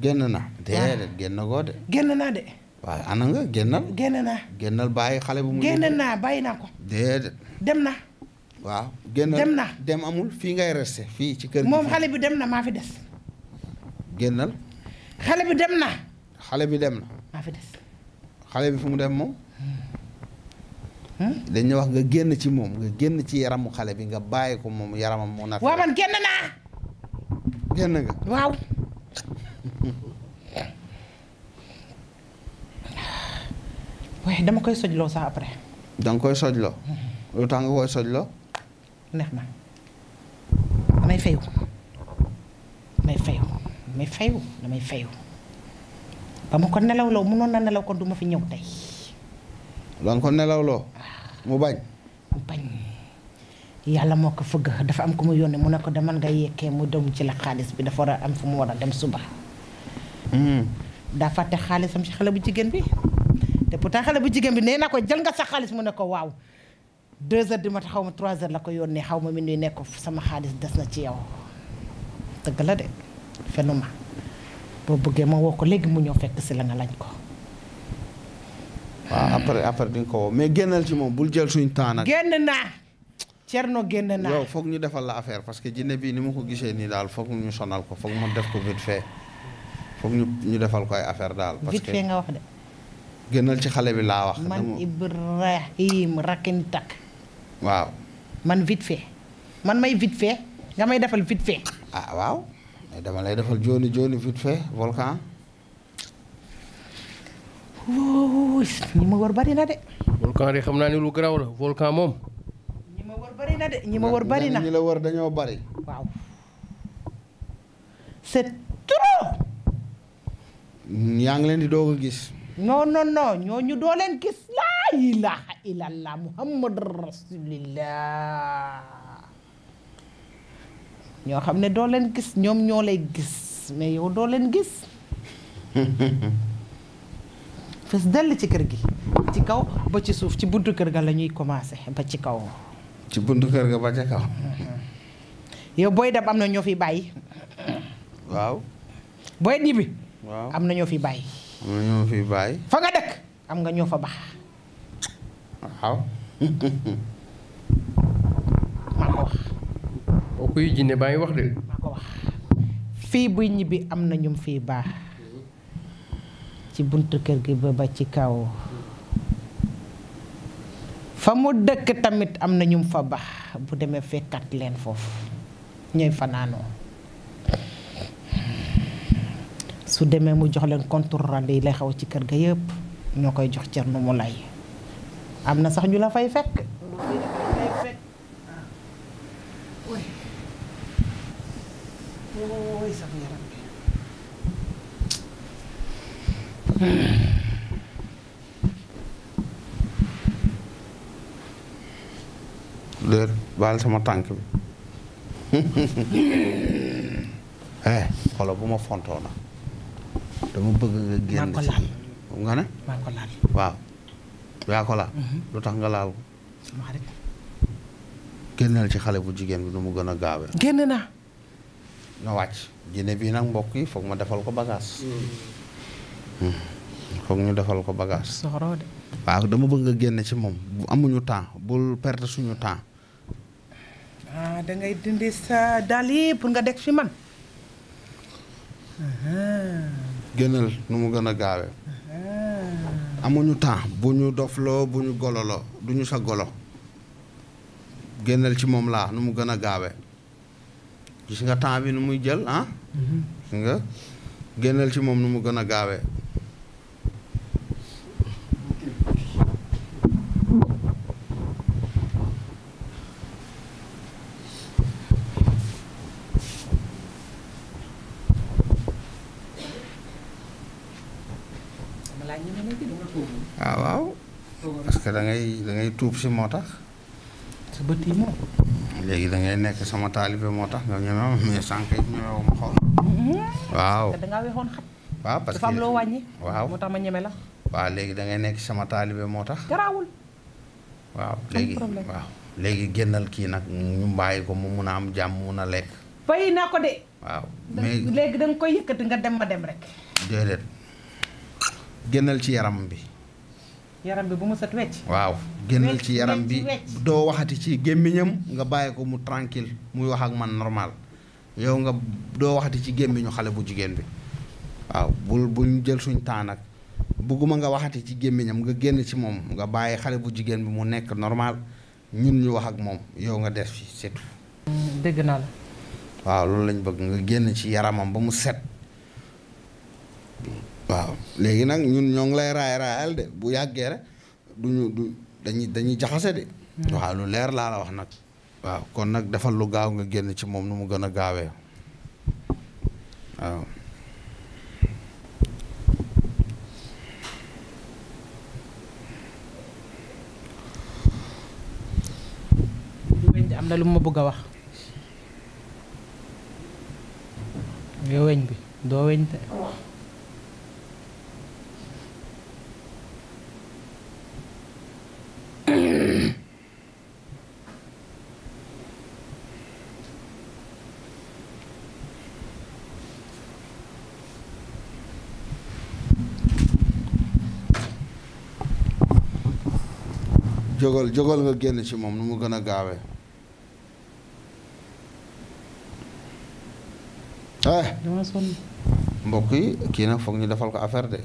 génn na déedéet génn goo de. génn naa de. waaw ana nga génnal. génn naa génnal bàyyi xale bu mu. génn naa bàyyi naa ko. dem na. waaw génnal na dem amul fii ngay resté fii ci kër moom xale bi dem na maa fi des. génnal. xale bi dem na. xale bi dem na. maa fi des. xale bi fu mu dem moom. Hmm? Hmm? dañu wax nga génn ci moom nga génn ci yaramu xale bi nga bàyyi ko moom yaramam moo nag waaw man génn naa. génn nga. waaw. waaye dama koy sojloo sax après. danga koy sojloo. Mm-hmm. lu tax nga koy sojloo. neex na damay fayu may fayu damay fayu damay fayu ba ma ko nelawloo mënoon na nelaw ko duma fi ñëw tey. danga ko nelawloo. Ah. mu bañ. mu bañ yàlla moo ko fëgg dafa am ku mu yónnee mu ne ko demal nga yekkee mu dem ci la xaalis bi dafa war a am fu mu war a dem suba. Hmm. daa fàtte xaalisam ci xale bu jigéen bi. te pourtant xale bu jigéen bi nee na ko jël nga sa xaalis mu ne ko waaw 2 heures du matin xaw ma 3 heures la ko yónnee xaw ma mi nuy nekk sama xaalis des na ci yow dëgg la de fenu ma boo bëggee ma woo ko léegi mu ñëw fekk si la nga lañ ko. waaw après après di nga ko woo mais génnal ci moom bul jël suñu temps nag. génn naa. Cerno génn naa yow foog ñu defal la affaire parce que jinne bii ni ma ko gisee nii daal foog ñu sonal ko foog ma def ko vite fait ñu ñu defal ko ay daal. parce que vite wax de. génnal ci xale bi laa wax. man Ibrahim Rakintak. waaw. man vite fait man may vite fait nga may defal vite ah waaw dama lay defal jooni jooni vite fait volcan. ñi ma war bari na de. volcan de xam naa ne lu garaaw la volcan moom. ñi ma war bari na de ñi ma war bari na ñi la war dañoo bari. waaw c'est trop. yaa ngi leen di doog gis. non non non ñooñu doo leen gis laa ilaha illallah muhammad rasulillah ñoo xam ne doo leen gis ñoom ñoo lay gis mais yow doo leen gis fes dell ci kër gi ci kaw ba ci suuf ci buntu kër ga la ñuy commencé ba ci kaw ci buntu kër ga ba ca kaw mm-hmm. yow booy dem am na ñoo fi bàyyi waaw booy ñibbi am na ñoo fi bàyyi am na ñoo nga dëkk am nga ñoo fa baax. waaw. maa ko wax. kooku yu jinne baa wax de. fii buy ñibbi am na ñu fii baax ci buntu kër gi ba ba ci kaw. fa mu dëkk tamit am na ñu fa baax bu demee fekkat leen foofu ñooy fanaanoo su demee mu jox leen compte rendu yi lay xaw ci kër ga yëpp ñoo koy jox cer Thierno Moulay am na sax ñu la fay fekk. leer baal sama tànk bi eh xoolal bu ma fontoo dama bëgg nga génn ci mhm. tax nga laal ko ci xale bu jigéen bi nu mu gën a gaawee génn naa nga wàcc jinne bii nag mbokk yi foog ma defal ko bagage mhm. hmm. foog defal ko bagage soxoroo dama bëgg génn ci moom bu amuñu temps bul perte suñu temps ah dindi sa dàll yi pour nga deg fi man génnal nu mu gën a gaawee amuñu temps bu ñu dofloo bu ñu gololoo du ñu sa golo génnal ci moom laa nu mu gën a gaawee gis nga temps bi nu muy jël ah mm-hmm. nga génnal ci moom nu mu gën a gaawee Ah, waaw waaw parce que da ngay tuub si moo tax. sa bët yi moom. léegi da nekk sama taalibe moo tax nga ñeme ma mm-hmm. que am loo la. waaw léegi da ngay nekk sama taalibe moo tax. garaawul. waaw léegi waaw léegi génnal kii nag ñu bàyyi ko mu mun a am jàmm mun a lekk. fay naa ko de. waaw mais léegi da koy yëkkati nga dem ma dem rek. déedéet. génnal ci yaram bi. yaram bi bu mu set wecc. waaw génnal ci yaram bi doo waxati ci gémmiñam nga bàyyi ko mu tranquille muy wax ak man normal yow nga doo waxati ci gémmiñu xale bu jigéen bi waaw bul jël suñ temps nag bugguma nga waxati ci gémmiñam nga génn ci moom nga bàyyi xale bu jigéen bi mu nekk normal ñun ñu wax ak moom yow nga def ci c'est tout. naa la. waaw loolu lañ bëgg nga génn ci yaramam ba mu set. waaw léegi nag ñun ñoo ngi lay raay raayal de bu yàggee rek du ñu du dañuy dañuy jaxase de. Hmm. waaw lu leer laa la wax nag. waaw kon nag defal lu gaaw nga génn ci moom nu mu gën a gaawee am na lu ma bëgg a wax yow weñ bi doo weñ jógal jógal nga génn ci moom nu mu gën a gaawee ah dama mbokk yi kii nag foog ñu defal ko affaire de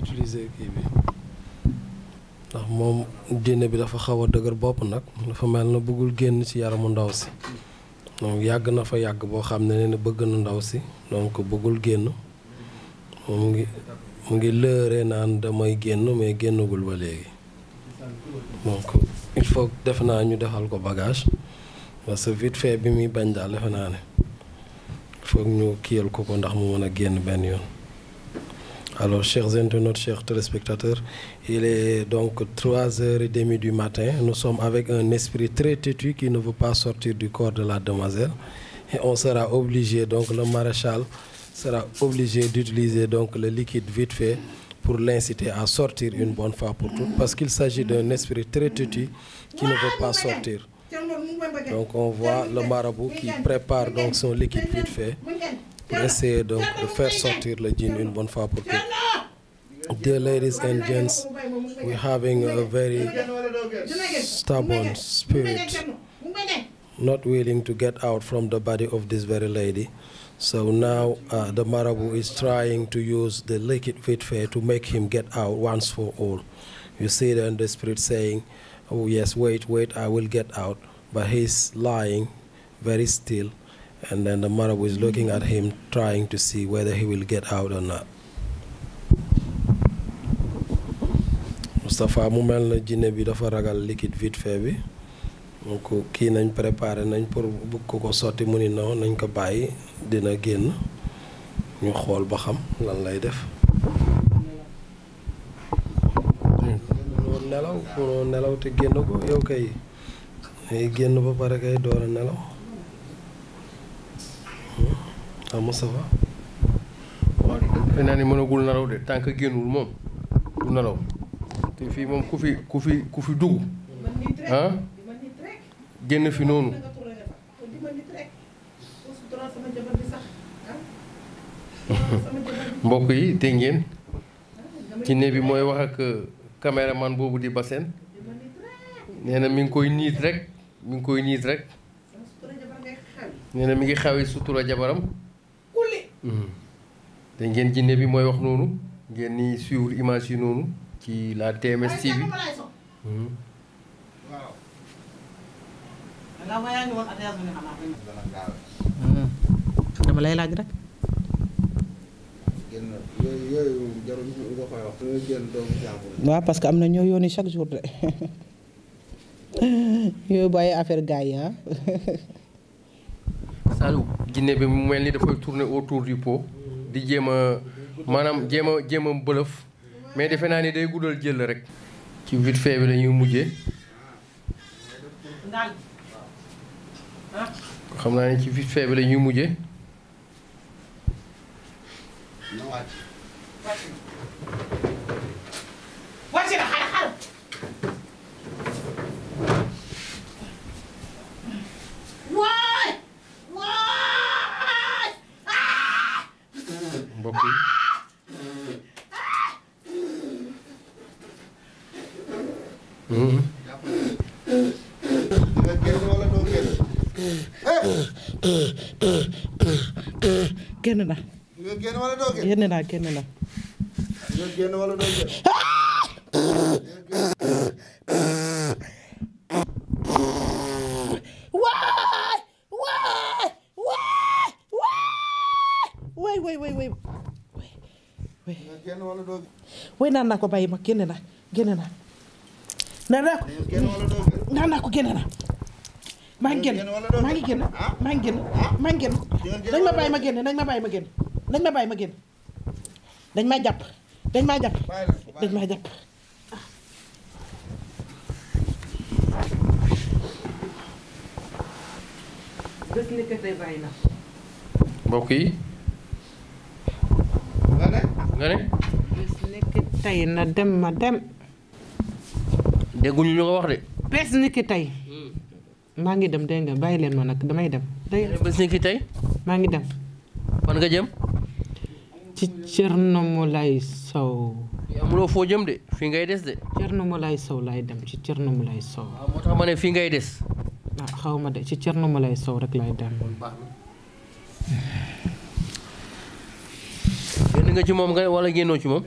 utiliser kii bi ndax moom diine bi dafa xaw a dëgër bopp nag dafa mel na bëggul génn ci yaramu ndaw si donc yàgg na fa yàgg boo xam ne ne bëgg na ndaw si donc bëggul génn moom mu ngi mu ngi lëëree naan damay génn mais génnagul ba léegi donc il faut def naa ñu defal ko bagage parce que vite fait bi muy bañ daal defe naa ne il faut ñu kiyal ko ko ndax mu mën a génn benn yoon Alors, chers internautes, chers téléspectateurs, il est donc 3h30 du matin. Nous sommes avec un esprit très têtu qui ne veut pas sortir du corps de la demoiselle. Et on sera obligé, donc le maréchal sera obligé d'utiliser donc le liquide vite fait pour l'inciter à sortir une bonne fois pour toutes, parce qu'il s'agit d'un esprit très têtu qui ne veut pas sortir. Donc on voit le marabout qui prépare son liquide vite fait pour Dear ladies and gents, we're having a very stubborn spirit, not willing to get out from the body of this very lady. So now uh, the marabout is trying to use the liquid vitfe to make him get out once for all. You see then the spirit saying, oh yes, wait, wait, I will get out. But he's lying very still. and then the marabu is looking at him trying to see whether he will get out or not Moustapha mu mel na jinne bi dafa ragal liquide vite fait bi donc kii nañ préparé nañ pour bu ko ko sotti mu ni non nañ ko bàyyi dina génn ñu xool ba xam lan lay def mënoo nelaw mënoo nelaw te génn ko yow kay génn ba pare kay door a nelaw waaw ah, naa ni mënagul naraw de tant que génnul moom du naraw te fii moom ku fi ku fi ku fi dugg ah génn fi noonu mbokk yi dégg ngeen ci ne bi mooy wax ak euh, caméraman boobu di Bassène nee mi ngi koy niit rek mi ngi koy niit rek nee mi ngi xawee sutura jabaram kulli hmm. te ngeen jinne bi mooy wax noonu ngeen ni suivre image yi noonu ci la TMS hmm. hmm. dama lay laaj rek waaw parce que am na ñoo yónni chaque jour de yooyu bàyyi affaire gars yi ah. Saalum jinne bi mu mel ni dafay tourner autour du pot di jéem a maanaam jéem a jéem a bëlëf mais defe naa ni day guddal jël rek ci vite fait bi la ñuy mujjee xam naa ni ci vite fait bi la ñuy mujje génn naa génn naa. génn wala doo génn. waay waay waay waay waay waay waay waay waay naan naa ko bàyyi ma génn naa génn naa naan naa ko naan naa ko génn naa maa ngi génn maa ngi génn ah? maa ngi génn ah? maa ngi génn nañ ma bàyyi ma génn nañ ma bàyyi ma génn nañ ma bàyyi ma génn dañ ma jàpp dañ maa jàpp dañ maa jàpp mbokk yi nga ne nga ne tey na dem ma dem dégguñu ñu nga wax de bés ni ki tey maa ngi dem dégg nga bàyyi leen ma nag damay dem day bés ni ki tey maa ngi dem fan nga jëm ci Thierno Moulay Sow. amuloo foo jëm de fii ngay des de. Thierno Moulay Sow laay dem ci Thierno lay Sow. waaw ah, moo tax ma ne fii ngay des. Ah, xaw ma de ci Thierno lay Sow rek laay dem. génn nga ci moom nga wala génnoo ci moom.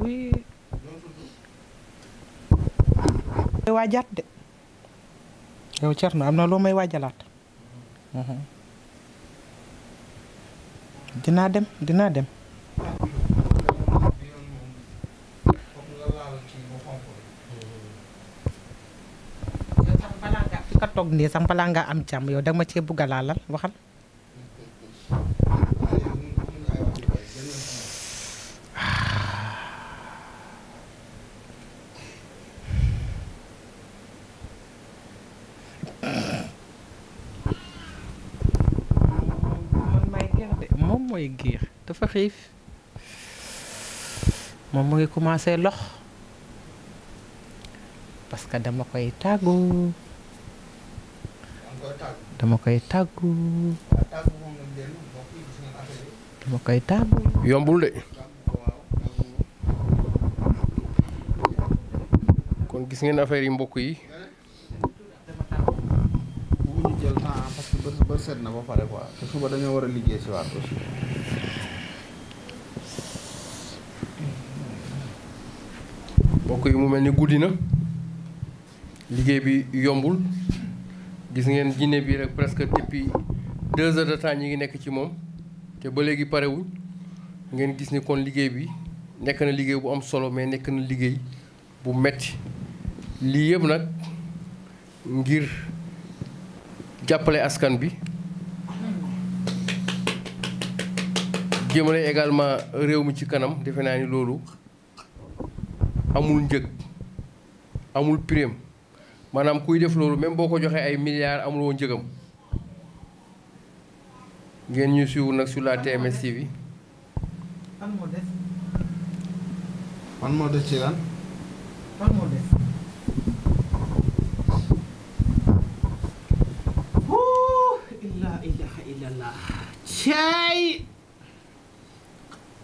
may waajaat de yow Thierno am na loo may waajalaat mhm. dinaa dem dinaa dem ka toog nii sax ngaa am jàmm yow danga ma cee laalal waxal mooy dafa xiif moom mu ngi commencé lox parce que dama koy tàggu dama koy tàggu yombul de kon gis ngeen affaire yi mbokk yi bët na ba pare quoi te suba dañoo war liggéey si waat aussi. mbokk yi mu mel ni guddi na liggéey bi yombul gis ngeen jinne bi rek presque depuis deux heures de temps ñi ngi nekk ci moom te ba léegi parewul ngeen gis ni kon liggéey bi nekk na liggéey bu am solo mais nekk na liggéey bu metti lii yëpp nag ngir jàppale askan bi jëmale également réew mi ci kanam defe naa ni loolu amul njëg amul prime maanaam kuy def loolu même boo ko joxee ay milliards amuloo njëgam ngeen ñu suivre nag su la TMS TV. man moo des. man ci lan.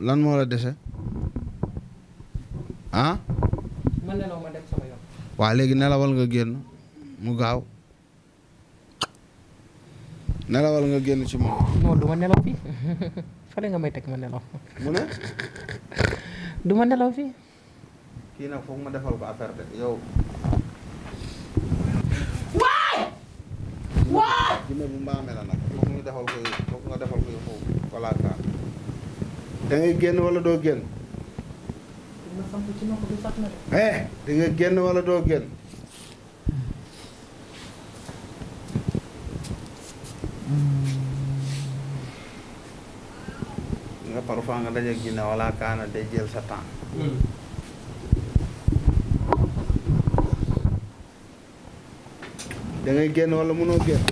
lan moo la dese ah. waa nelaw ma dem léegi nelawal nga génn mu gaaw nelawal nga génn ci moom. non du ma nelaw fii fële nga may teg ma nelaw. mu ne. du ma nelaw fii. kii nag foog ma defal ko affaire de yow. waay. waay. dina bu mbaame la nag foog nga defal ko foog nga kaan. dangay génn wala doo génn. eh da génn wala doo génn. Hmm. nga parfois nga daje gi ne wala kaana day jël sa temps. Hmm. da génn walla mënoo génn.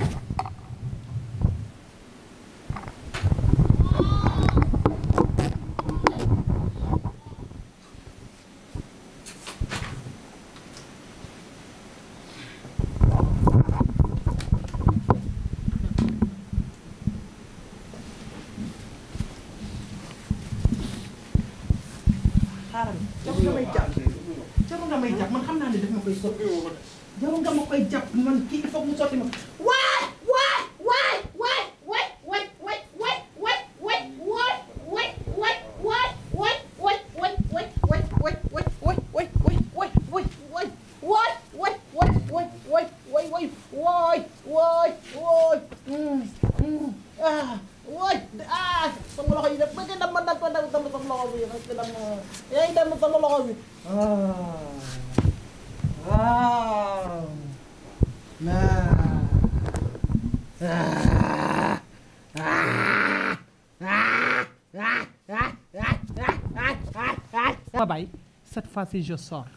nama bàyyi cette fois-ci je sors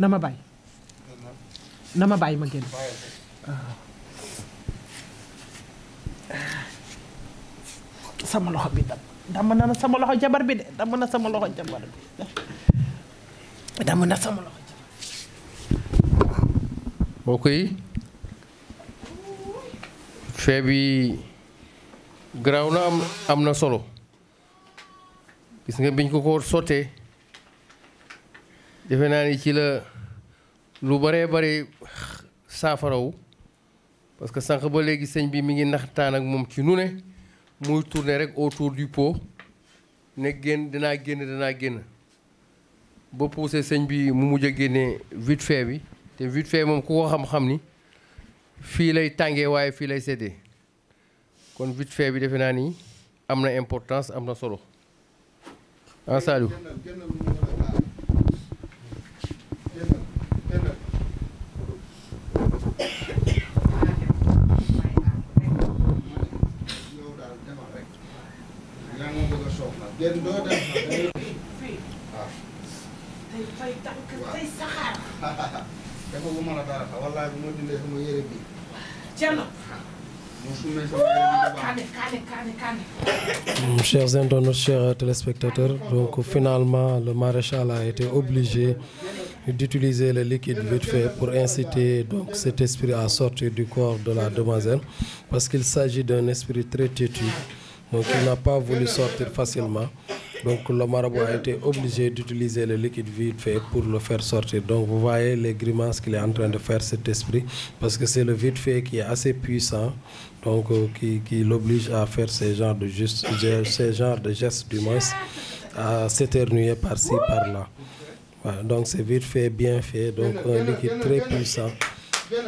na ma bàyyi na ma bàyyi ma génn sama loxo bi dam dam na sama loxo jabar bi de dam na sama loxo jabar bi dam na sama loxo jabar. mbokk yi feeb yi garaaw na am am na solo gis nga biñ ko ko sottee defe naa ni ci la lu baree bare saafarawu parce que sànq ba léegi sëñ bi mi ngi taan ak moom ci nu ne muy tourner rek autour du pot ne génn danaa génn danaa génn ba poussé sëñ bi mu mujj a génne vite fait bi te vite fait moom ku ko xam-xam ni fii lay tàngee waaye fii lay seddee kon vite fait bi defe naa ni am na importance am na solo ah Saliou bu mën a dara wallaahi bu ma dindee sama yére bi Thierno. Mm, chers internautes, chers donc finalement le maréchal a été obligé d'utiliser le liquide vite fait pour inciter donc cet esprit à sortir du corps de la demoiselle parce qu'il s'agit d'un esprit très têtu. Donc il n'a pas voulu sortir facilement. Donc le marabout a été obligé d'utiliser le liquide vide fait pour le faire sortir. Donc vous voyez les grimaces qu'il est en train de faire cet esprit, parce que c'est le vide fait qui est assez puissant, donc euh, qui, qui l'oblige à faire ces genres de, gestes, ces genres de gestes du moins, à s'éternuer par-ci, par-là. Voilà, donc c'est vite fait, bien fait, donc un liquide très puissant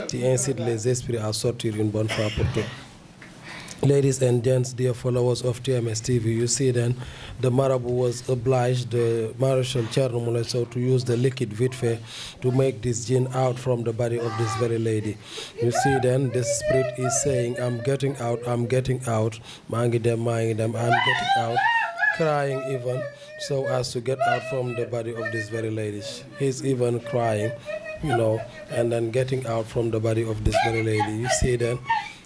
qui incite les esprits à sortir une bonne fois pour toutes. Ladies and gents, dear followers of TMS TV, you see then the Marabu was obliged, the Marshal Chernomule, so to use the liquid vitfe to make this gin out from the body of this very lady. You see then the spirit is saying, I'm getting out, I'm getting out, mangi them, mangi them, I'm getting out, crying even, so as to get out from the body of this very lady. He's even crying, you know, and then getting out from the body of this very lady. You see then.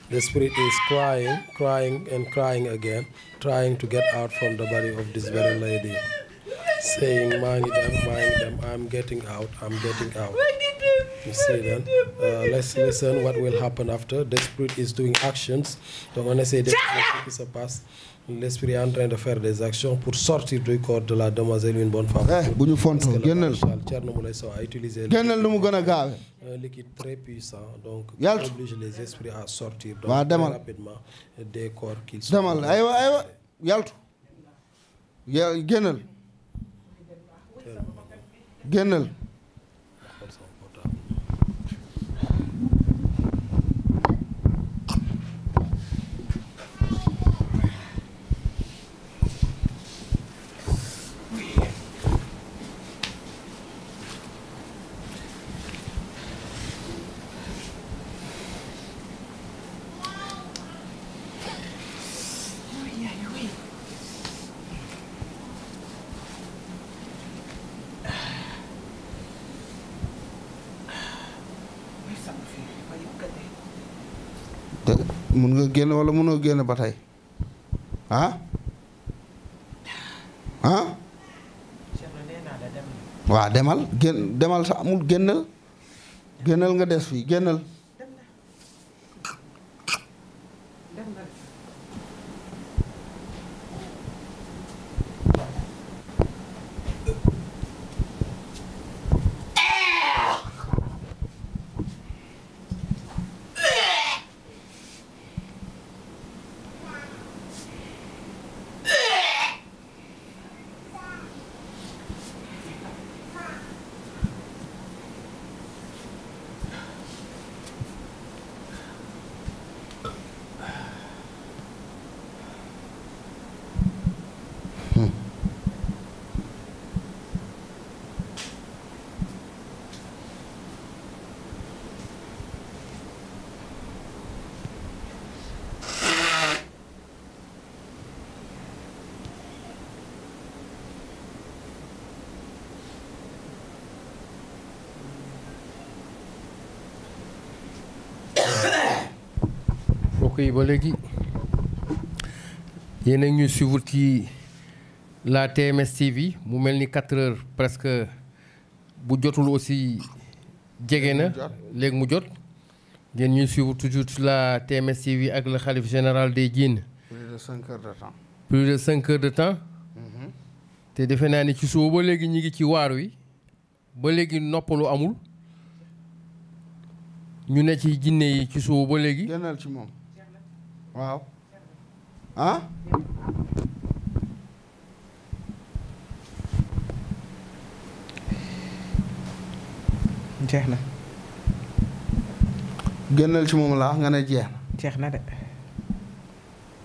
The spirit is crying, crying, and crying again, trying to get out from the body of this very lady, saying, Mind them, mind them, I'm getting out, I'm getting out. Uh, let's listen what will happen after. The spirit is doing actions. Don't want to say the spirit is a past. l'esprit est en train de faire des actions pour sortir du corps de la demoiselle une bonne femme. Eh, bu ñu fonto génnal Thierno Moulay Sow a utilisé. génnal lu mu gën a gaawe. un liquide très puissant donc. yàlla qui oblige les esprits à sortir. des corps qu'ils sont. demal aywa aywa yaltu génnal génn wala mënoo génn ba tey ah ah waaw demal génn demal sa amul génnal génnal nga des fii génnal mbokk ba léegi yéen a ngi ñuy suivre ci la TMS TV mu mel ni 4 heures presque bu jotul aussi jege na léegi mu jot ngeen ñuy suivre toujours ci la TMS TV ak le xalif général des Djinns. plus de de temps. Mhm. te defe naa ni ci suba ba léegi ñu ngi ci waar wi ba léegi noppalu amul ñu ne ci jinne yi ci suba ba léegi. ci moom. waaw ah jeex na génnal ci moom laa nga ne jeex na jeex na de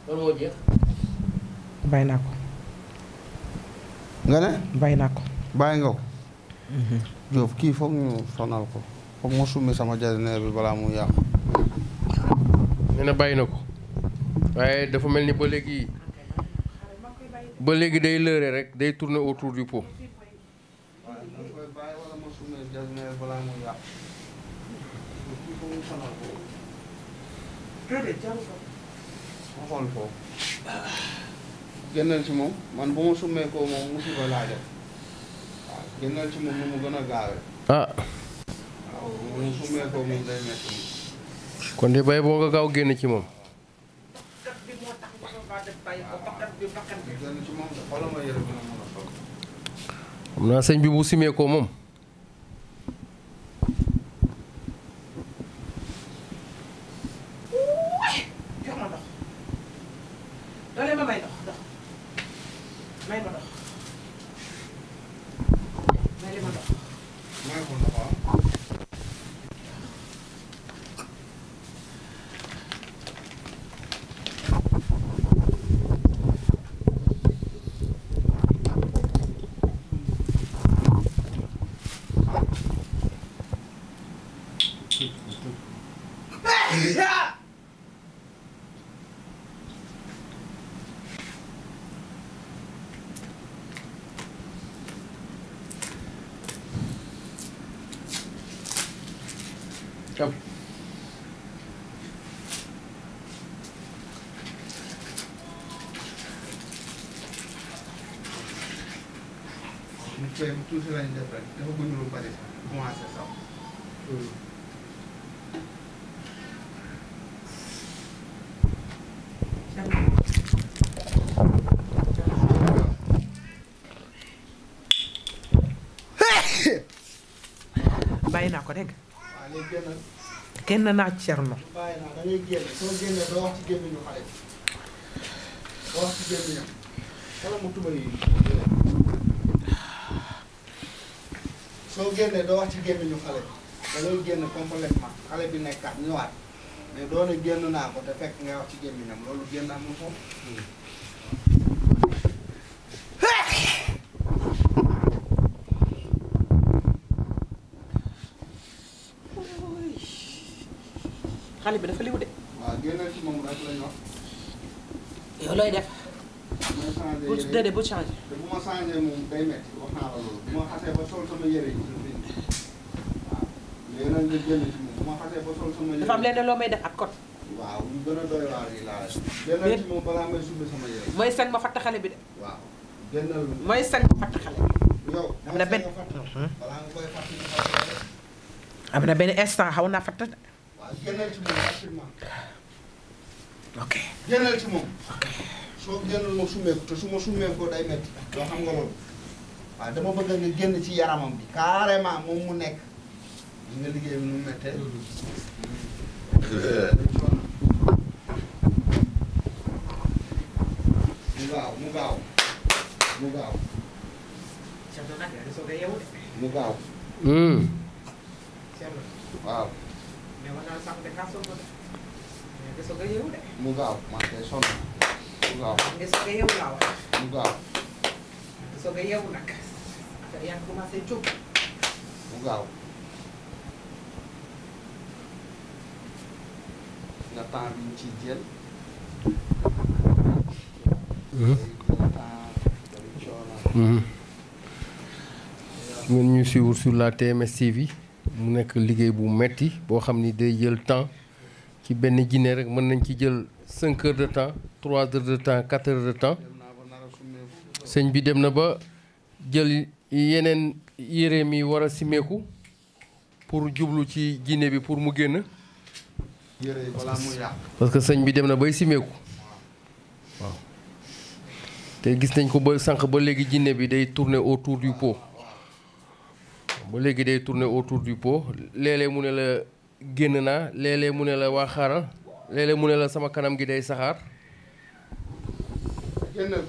loolu moo jeex bàyyi naa ko nga ne bàyyi naa ko bàyyi nga ko Diop mhm. kii foog ñu sonal ko foog moo summi sama jardineer bi balaa mu yàqu nee na bàyyi na ko waaye dafa mel ni ba léegi ba léegi day lëre rek day tourner autour du pot. xool foofu génnal ci moom man bu ma summee koo moom musiba laa def waaw génnal moom nu mu gën a gaawee. ah. waaw bu ma nga gaaw génn ci moom. xam naa sëñ bi bu simee ko moom. Come. ñu koy tout cela ñu def rek dafa gudd lu bari sax commencé sax. kenn naaj cerno soo génnee doo wax ci gémmiñu xale bi da ngay génn complètement xale bi ñu ñëwaat mais doone génn naa ko defek fekk wax ci gémmiñam loolu génn am na foofu xale bi dafa liw de. waaw génnal am lenn loo may def ak kot. a doy waar mooy sañ ma fatt xale bi de. waaw génnal mooy sañ ma fatt xale bi. yow am na benn instant xaw naa fatt. génnal ci moom rapidement. ok génnal ci moom. ok soo génnal ma sumeeku te su ma sumeekoo day métti. yoo dama bëgg génn ci yaramam bi. carrément moom mu nekk. nga liggéey bi nu méttee. mu gaaw mu gaaw mu gaaw. mu gaaw. Hmm. mu gaaw man kay sonn mu gaaw. nga soog a yeewu laa wax. mu gaaw. nga soog a yeewu nag. te yaa ngi commencé jóg. mu gaaw. nga temps bi ñu ciy jël. ñun ñu suivre sur la TMS TV. mu nekk liggéey bu metti boo xam ni day jël temps ci benn jinne rek mën nañ ci jël cinq de temps trois heures de temps quatre heures de temps sëñ bi dem na ba jël yeneen yére mi war a pour jublu ci jinné bi pour mu génn parce que sëñ bi dem na bay simeeku waaw te gis nañ ko ba sànq ba léegi jinne bi day tourner autour du pot ba léegi day tourne autour du pot léeg mu ne la génn naa léeg mu ne la waa xaaral léeg mu ne la sama kanam gi day saxaar. génnal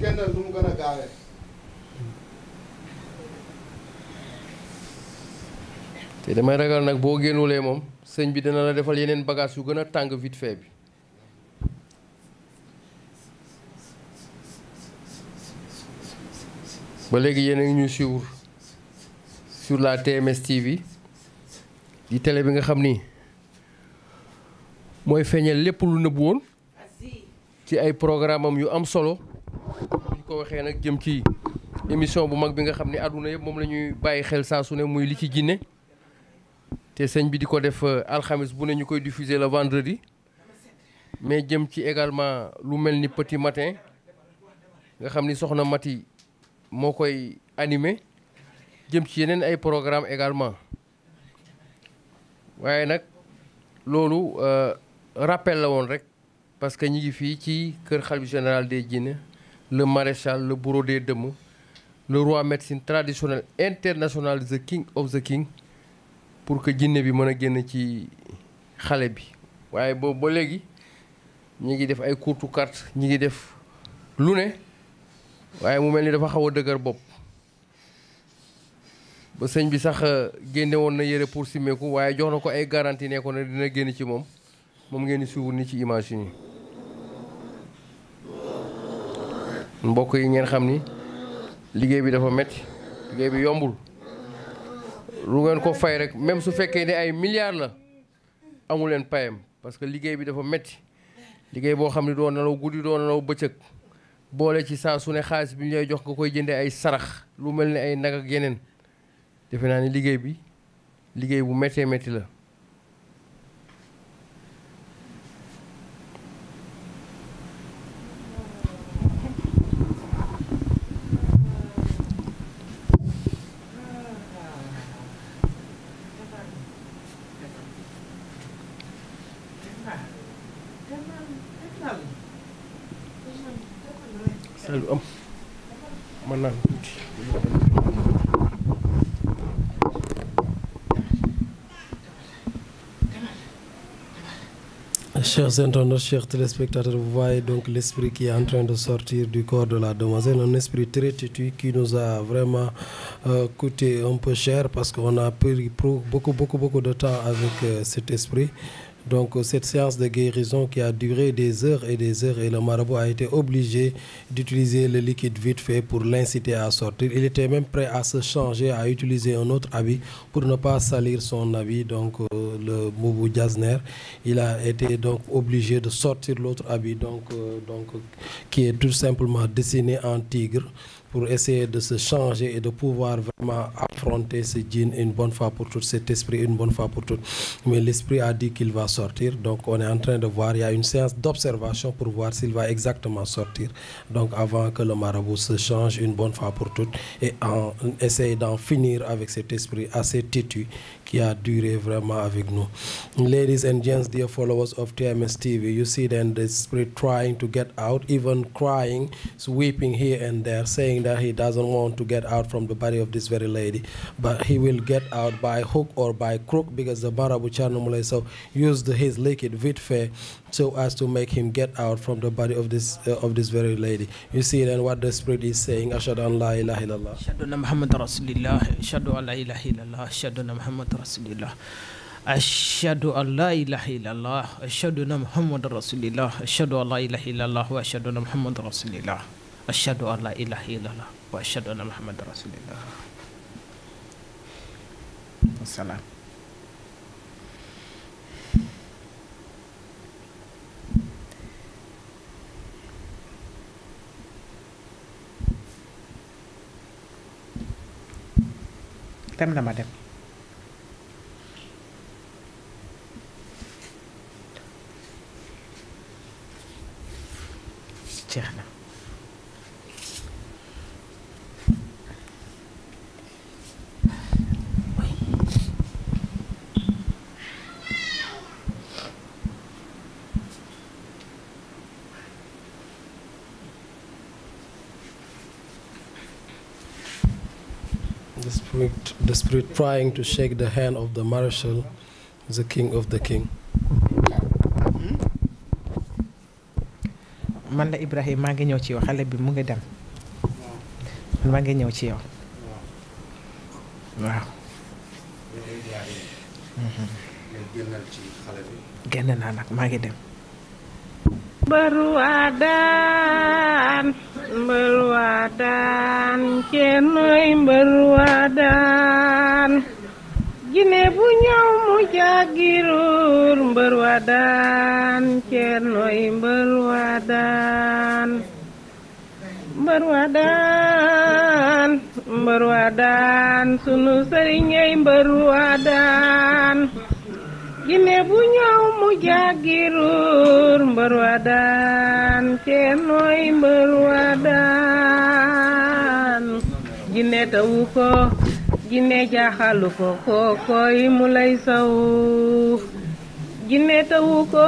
te damay ragal nag boo génnulee moom sëñ bi dina la defal yeneen bagage yu gën a tàng vite fait bi. ba léegi yéen a ngi ñuy suivre. sur la TMS TV di télé bi nga xam ni mooy feeñal lépp lu nëbbu woon ci ay programme am yu am solo buñ ko waxee nag jëm ci émission bu mag bi nga xam ni àdduna yëpp moom la ñuy bàyyi xel saa su ne muy li ci jinne te sëñ bi di ko def euh, alxamis bu ne ñu koy diffuser le vendredi mais jëm ci également lu mel ni petit matin nga xam ni soxna Mati moo koy animé jëm ci yeneen ay programme également waaye nag loolu euh, rappel la woon rek parce que ñi ngi fii ci kër xalifa général des Djinns le maréchal le bourreau des dëmm le roi médecine traditionnel international the king of the king pour que jinne bi mën a génn ci xale bi waaye boobu ba léegi ñi ngi def ay courte carte ñi ngi def lu ne waaye mu mel ni dafa xaw a dëgër bopp ba sëñ bi sax euh, génne woon na yére pour simeeku waaye jox na ko ay garantie ne ko ne dina génn ci moom moom ngeen di suivre ni ci image yi mbokk yi ngeen xam ni liggéey bi dafa metti liggéey yombul lu ngeen fay rek même su fekkee ne ay milliards la amu leen payam parce que liggéey bi dafa metti liggéey boo xam ne doo nelaw guddi doo nelaw bëccëg boole ci saa su ne xaalis bi ñu lay jox nga koy jëndee ay sarax lu mel ni ay nag ak yeneen defe naa ni liggéey bi liggéey bu méttee métti la Chers internautes, chers téléspectateurs, vous voyez donc l'esprit qui est en train de sortir du corps de la demoiselle, un esprit très têtu qui nous a vraiment euh, coûté un peu cher parce qu'on a pris beaucoup, beaucoup, beaucoup de temps avec euh, cet esprit. Donc cette séance de guérison qui a duré des heures et des heures et le marabout a été obligé d'utiliser le liquide vite fait pour l'inciter à sortir. Il était même prêt à se changer, à utiliser un autre habit pour ne pas salir son habit. Donc euh, le Moubou Diazner, il a été donc obligé de sortir l'autre habit donc, euh, donc, qui est tout simplement dessiné en tigre. pour essayer de se changer et de pouvoir vraiment affronter ce djinn une bonne fois pour toutes, cet esprit une bonne fois pour toutes. Mais l'esprit a dit qu'il va sortir, donc on est en train de voir, y a une séance d'observation pour voir s'il va exactement sortir. Donc avant que le marabout se change une bonne fois pour toutes et en essayer d'en finir avec cet esprit assez têtu qui a duré vraiment avec nous. Ladies and gents, dear followers of TMS TV, you see saying that he doesn't want to get out from the body of this very lady, but he will get out by hook or by crook because the Barabu Charnamulay so used his liquid vitfe to make him get out the body uh, of this very lady. You see then what the spirit is saying, Ashadu la ilaha illallah. Ashadu Muhammad Rasulillah, Ashadu la ilaha illallah, Ashadu Muhammad Rasulillah. ashhadu an la ilaha wa ashhadu anna muhammadan rasulillah wasalaam dem na ma dem the spirit trying to shake the hand of the marshal, the king of the king. Hmm? man la Ibrahima maa ngi ñëw ci yow xale bi mu ngi dem maa ngi ñëw ci yow waaw. Hmm. génn naa nag maa ngi dem. baru mbër waa daan ceernoy mbër waa daan jine bu ñëw mu jàggiruur mbër waa daan ceernoy mbër waa mbër waa daan mbër waa daan sunu sëriñey mbër waa daan jine bu ñëw mu jàggiruur mbër waa daan daan ceernooy mbër wa daan jinne tawu ko jinne jaaxalu ko kookooy mu lay saw jinne tawu ko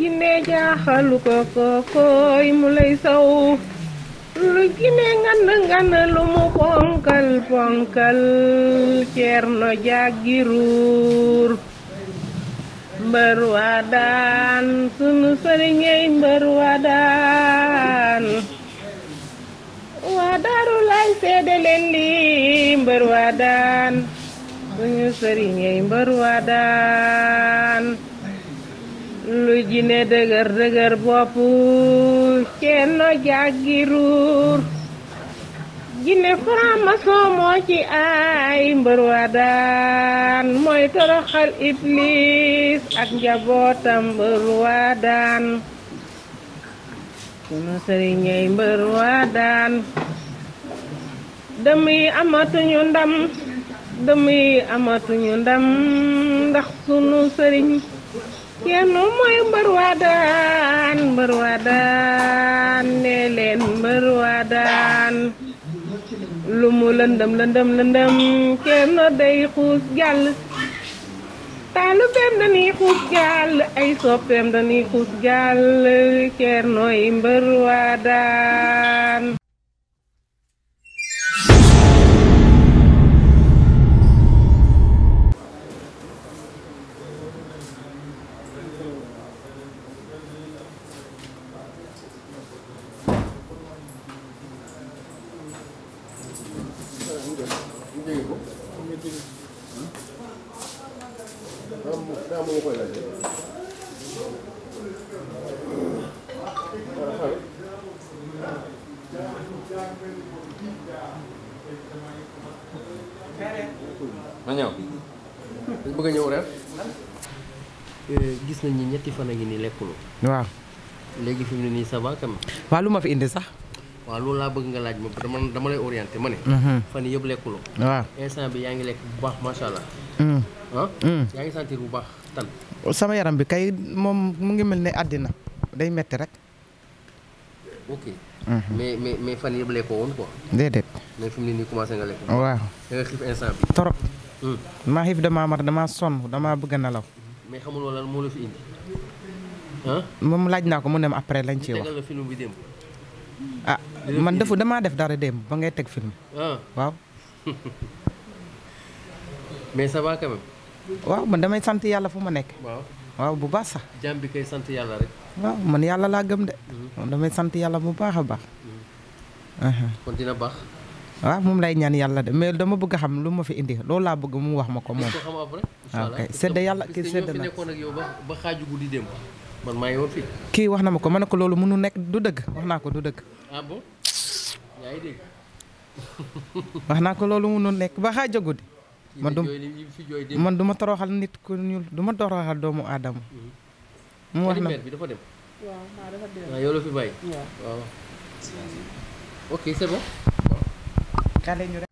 jinne jaaxalu ko kookooy mu lay saw lu jinne ngand ngand lu mu ponkal ponkal ceerno jaag gi ruur mbër waa daan sunu sëriñey mbër waa daan waa daaru laay seede leen lii mbër waa daan sunu sëriñey mbër waa daan lu jine dëgër dëgër bopp kenn no jàggi ruur jinne franc-maçon moo ci ay mbër wa daan mooy toroxal iblis ak njabootam mbër wa daan sunu sëriñ ay mbër wa daan dëmm yi amatuñu ndam dëmm yi amatuñu ndam ndax sunu sëriñ kenn mooy mbër wa daan mbër wa daan nee leen mbër wa daan lu mu lëndëm lëndëm lëndëm kenn day xuus jàll taalubeem dañuy xuus gaal ay soppeem dañuy xuus gaal ceernooy mbër waa daan ça va lu ma fi indi sax. waaw loolu laa bëgg nga laaj ma dama dama lay orienté ma ne. Mhm. fan yii lekkuloo. waaw instant bi yaa ngi lekk bu baax macha allah. Mm. Ah? Mm. bu baax sama yaram bi kay moom mu ngi mel ni àddina day metti rek. ok. Mhm. mais mais fan yëpp lekkoo woon quoi. déedéet. mais fi mu ne nii commencé nga lekk. waaw da nga xiif instant bi. trop. Mm. maa xiif damaa mar damaa sonn damaa bëgg a nelaw. mais xamuloo lan moo la fi indi. moom laaj naa ko mu ne après lañ ciy wax. ah man defu damaa def dara démb ba ngay teg film. Ah. waaw. mais man damay sant yàlla fu ma nekk. waaw waaw bu baax sax. jàmm bi sant yàlla waaw man yàlla laa gëm de. Mhm. damay sant yàlla bu baax a baax. Mhm. kon dina baax. waaw moom lay ñaan yàlla de mais dama bëgg a xam lu ma fi indi loolu laa bëgg mu wax ma ko moom. Ah, ok séddee yàlla kii séddee la. yow ba xaaju guddi démb. man maa ngi woon kii wax na ma ko ma ne ko loolu mënu nekk du dëgg wax naa ko du dëgg. ah bon yaa ngi wax naa ko loolu mënu nekk ba xaa jagudi. man du man du toroxal nit ku ñuul du toroxal doomu aadama. Mhm. mu wax na bi dafa dem. Ah, fi bàyyi.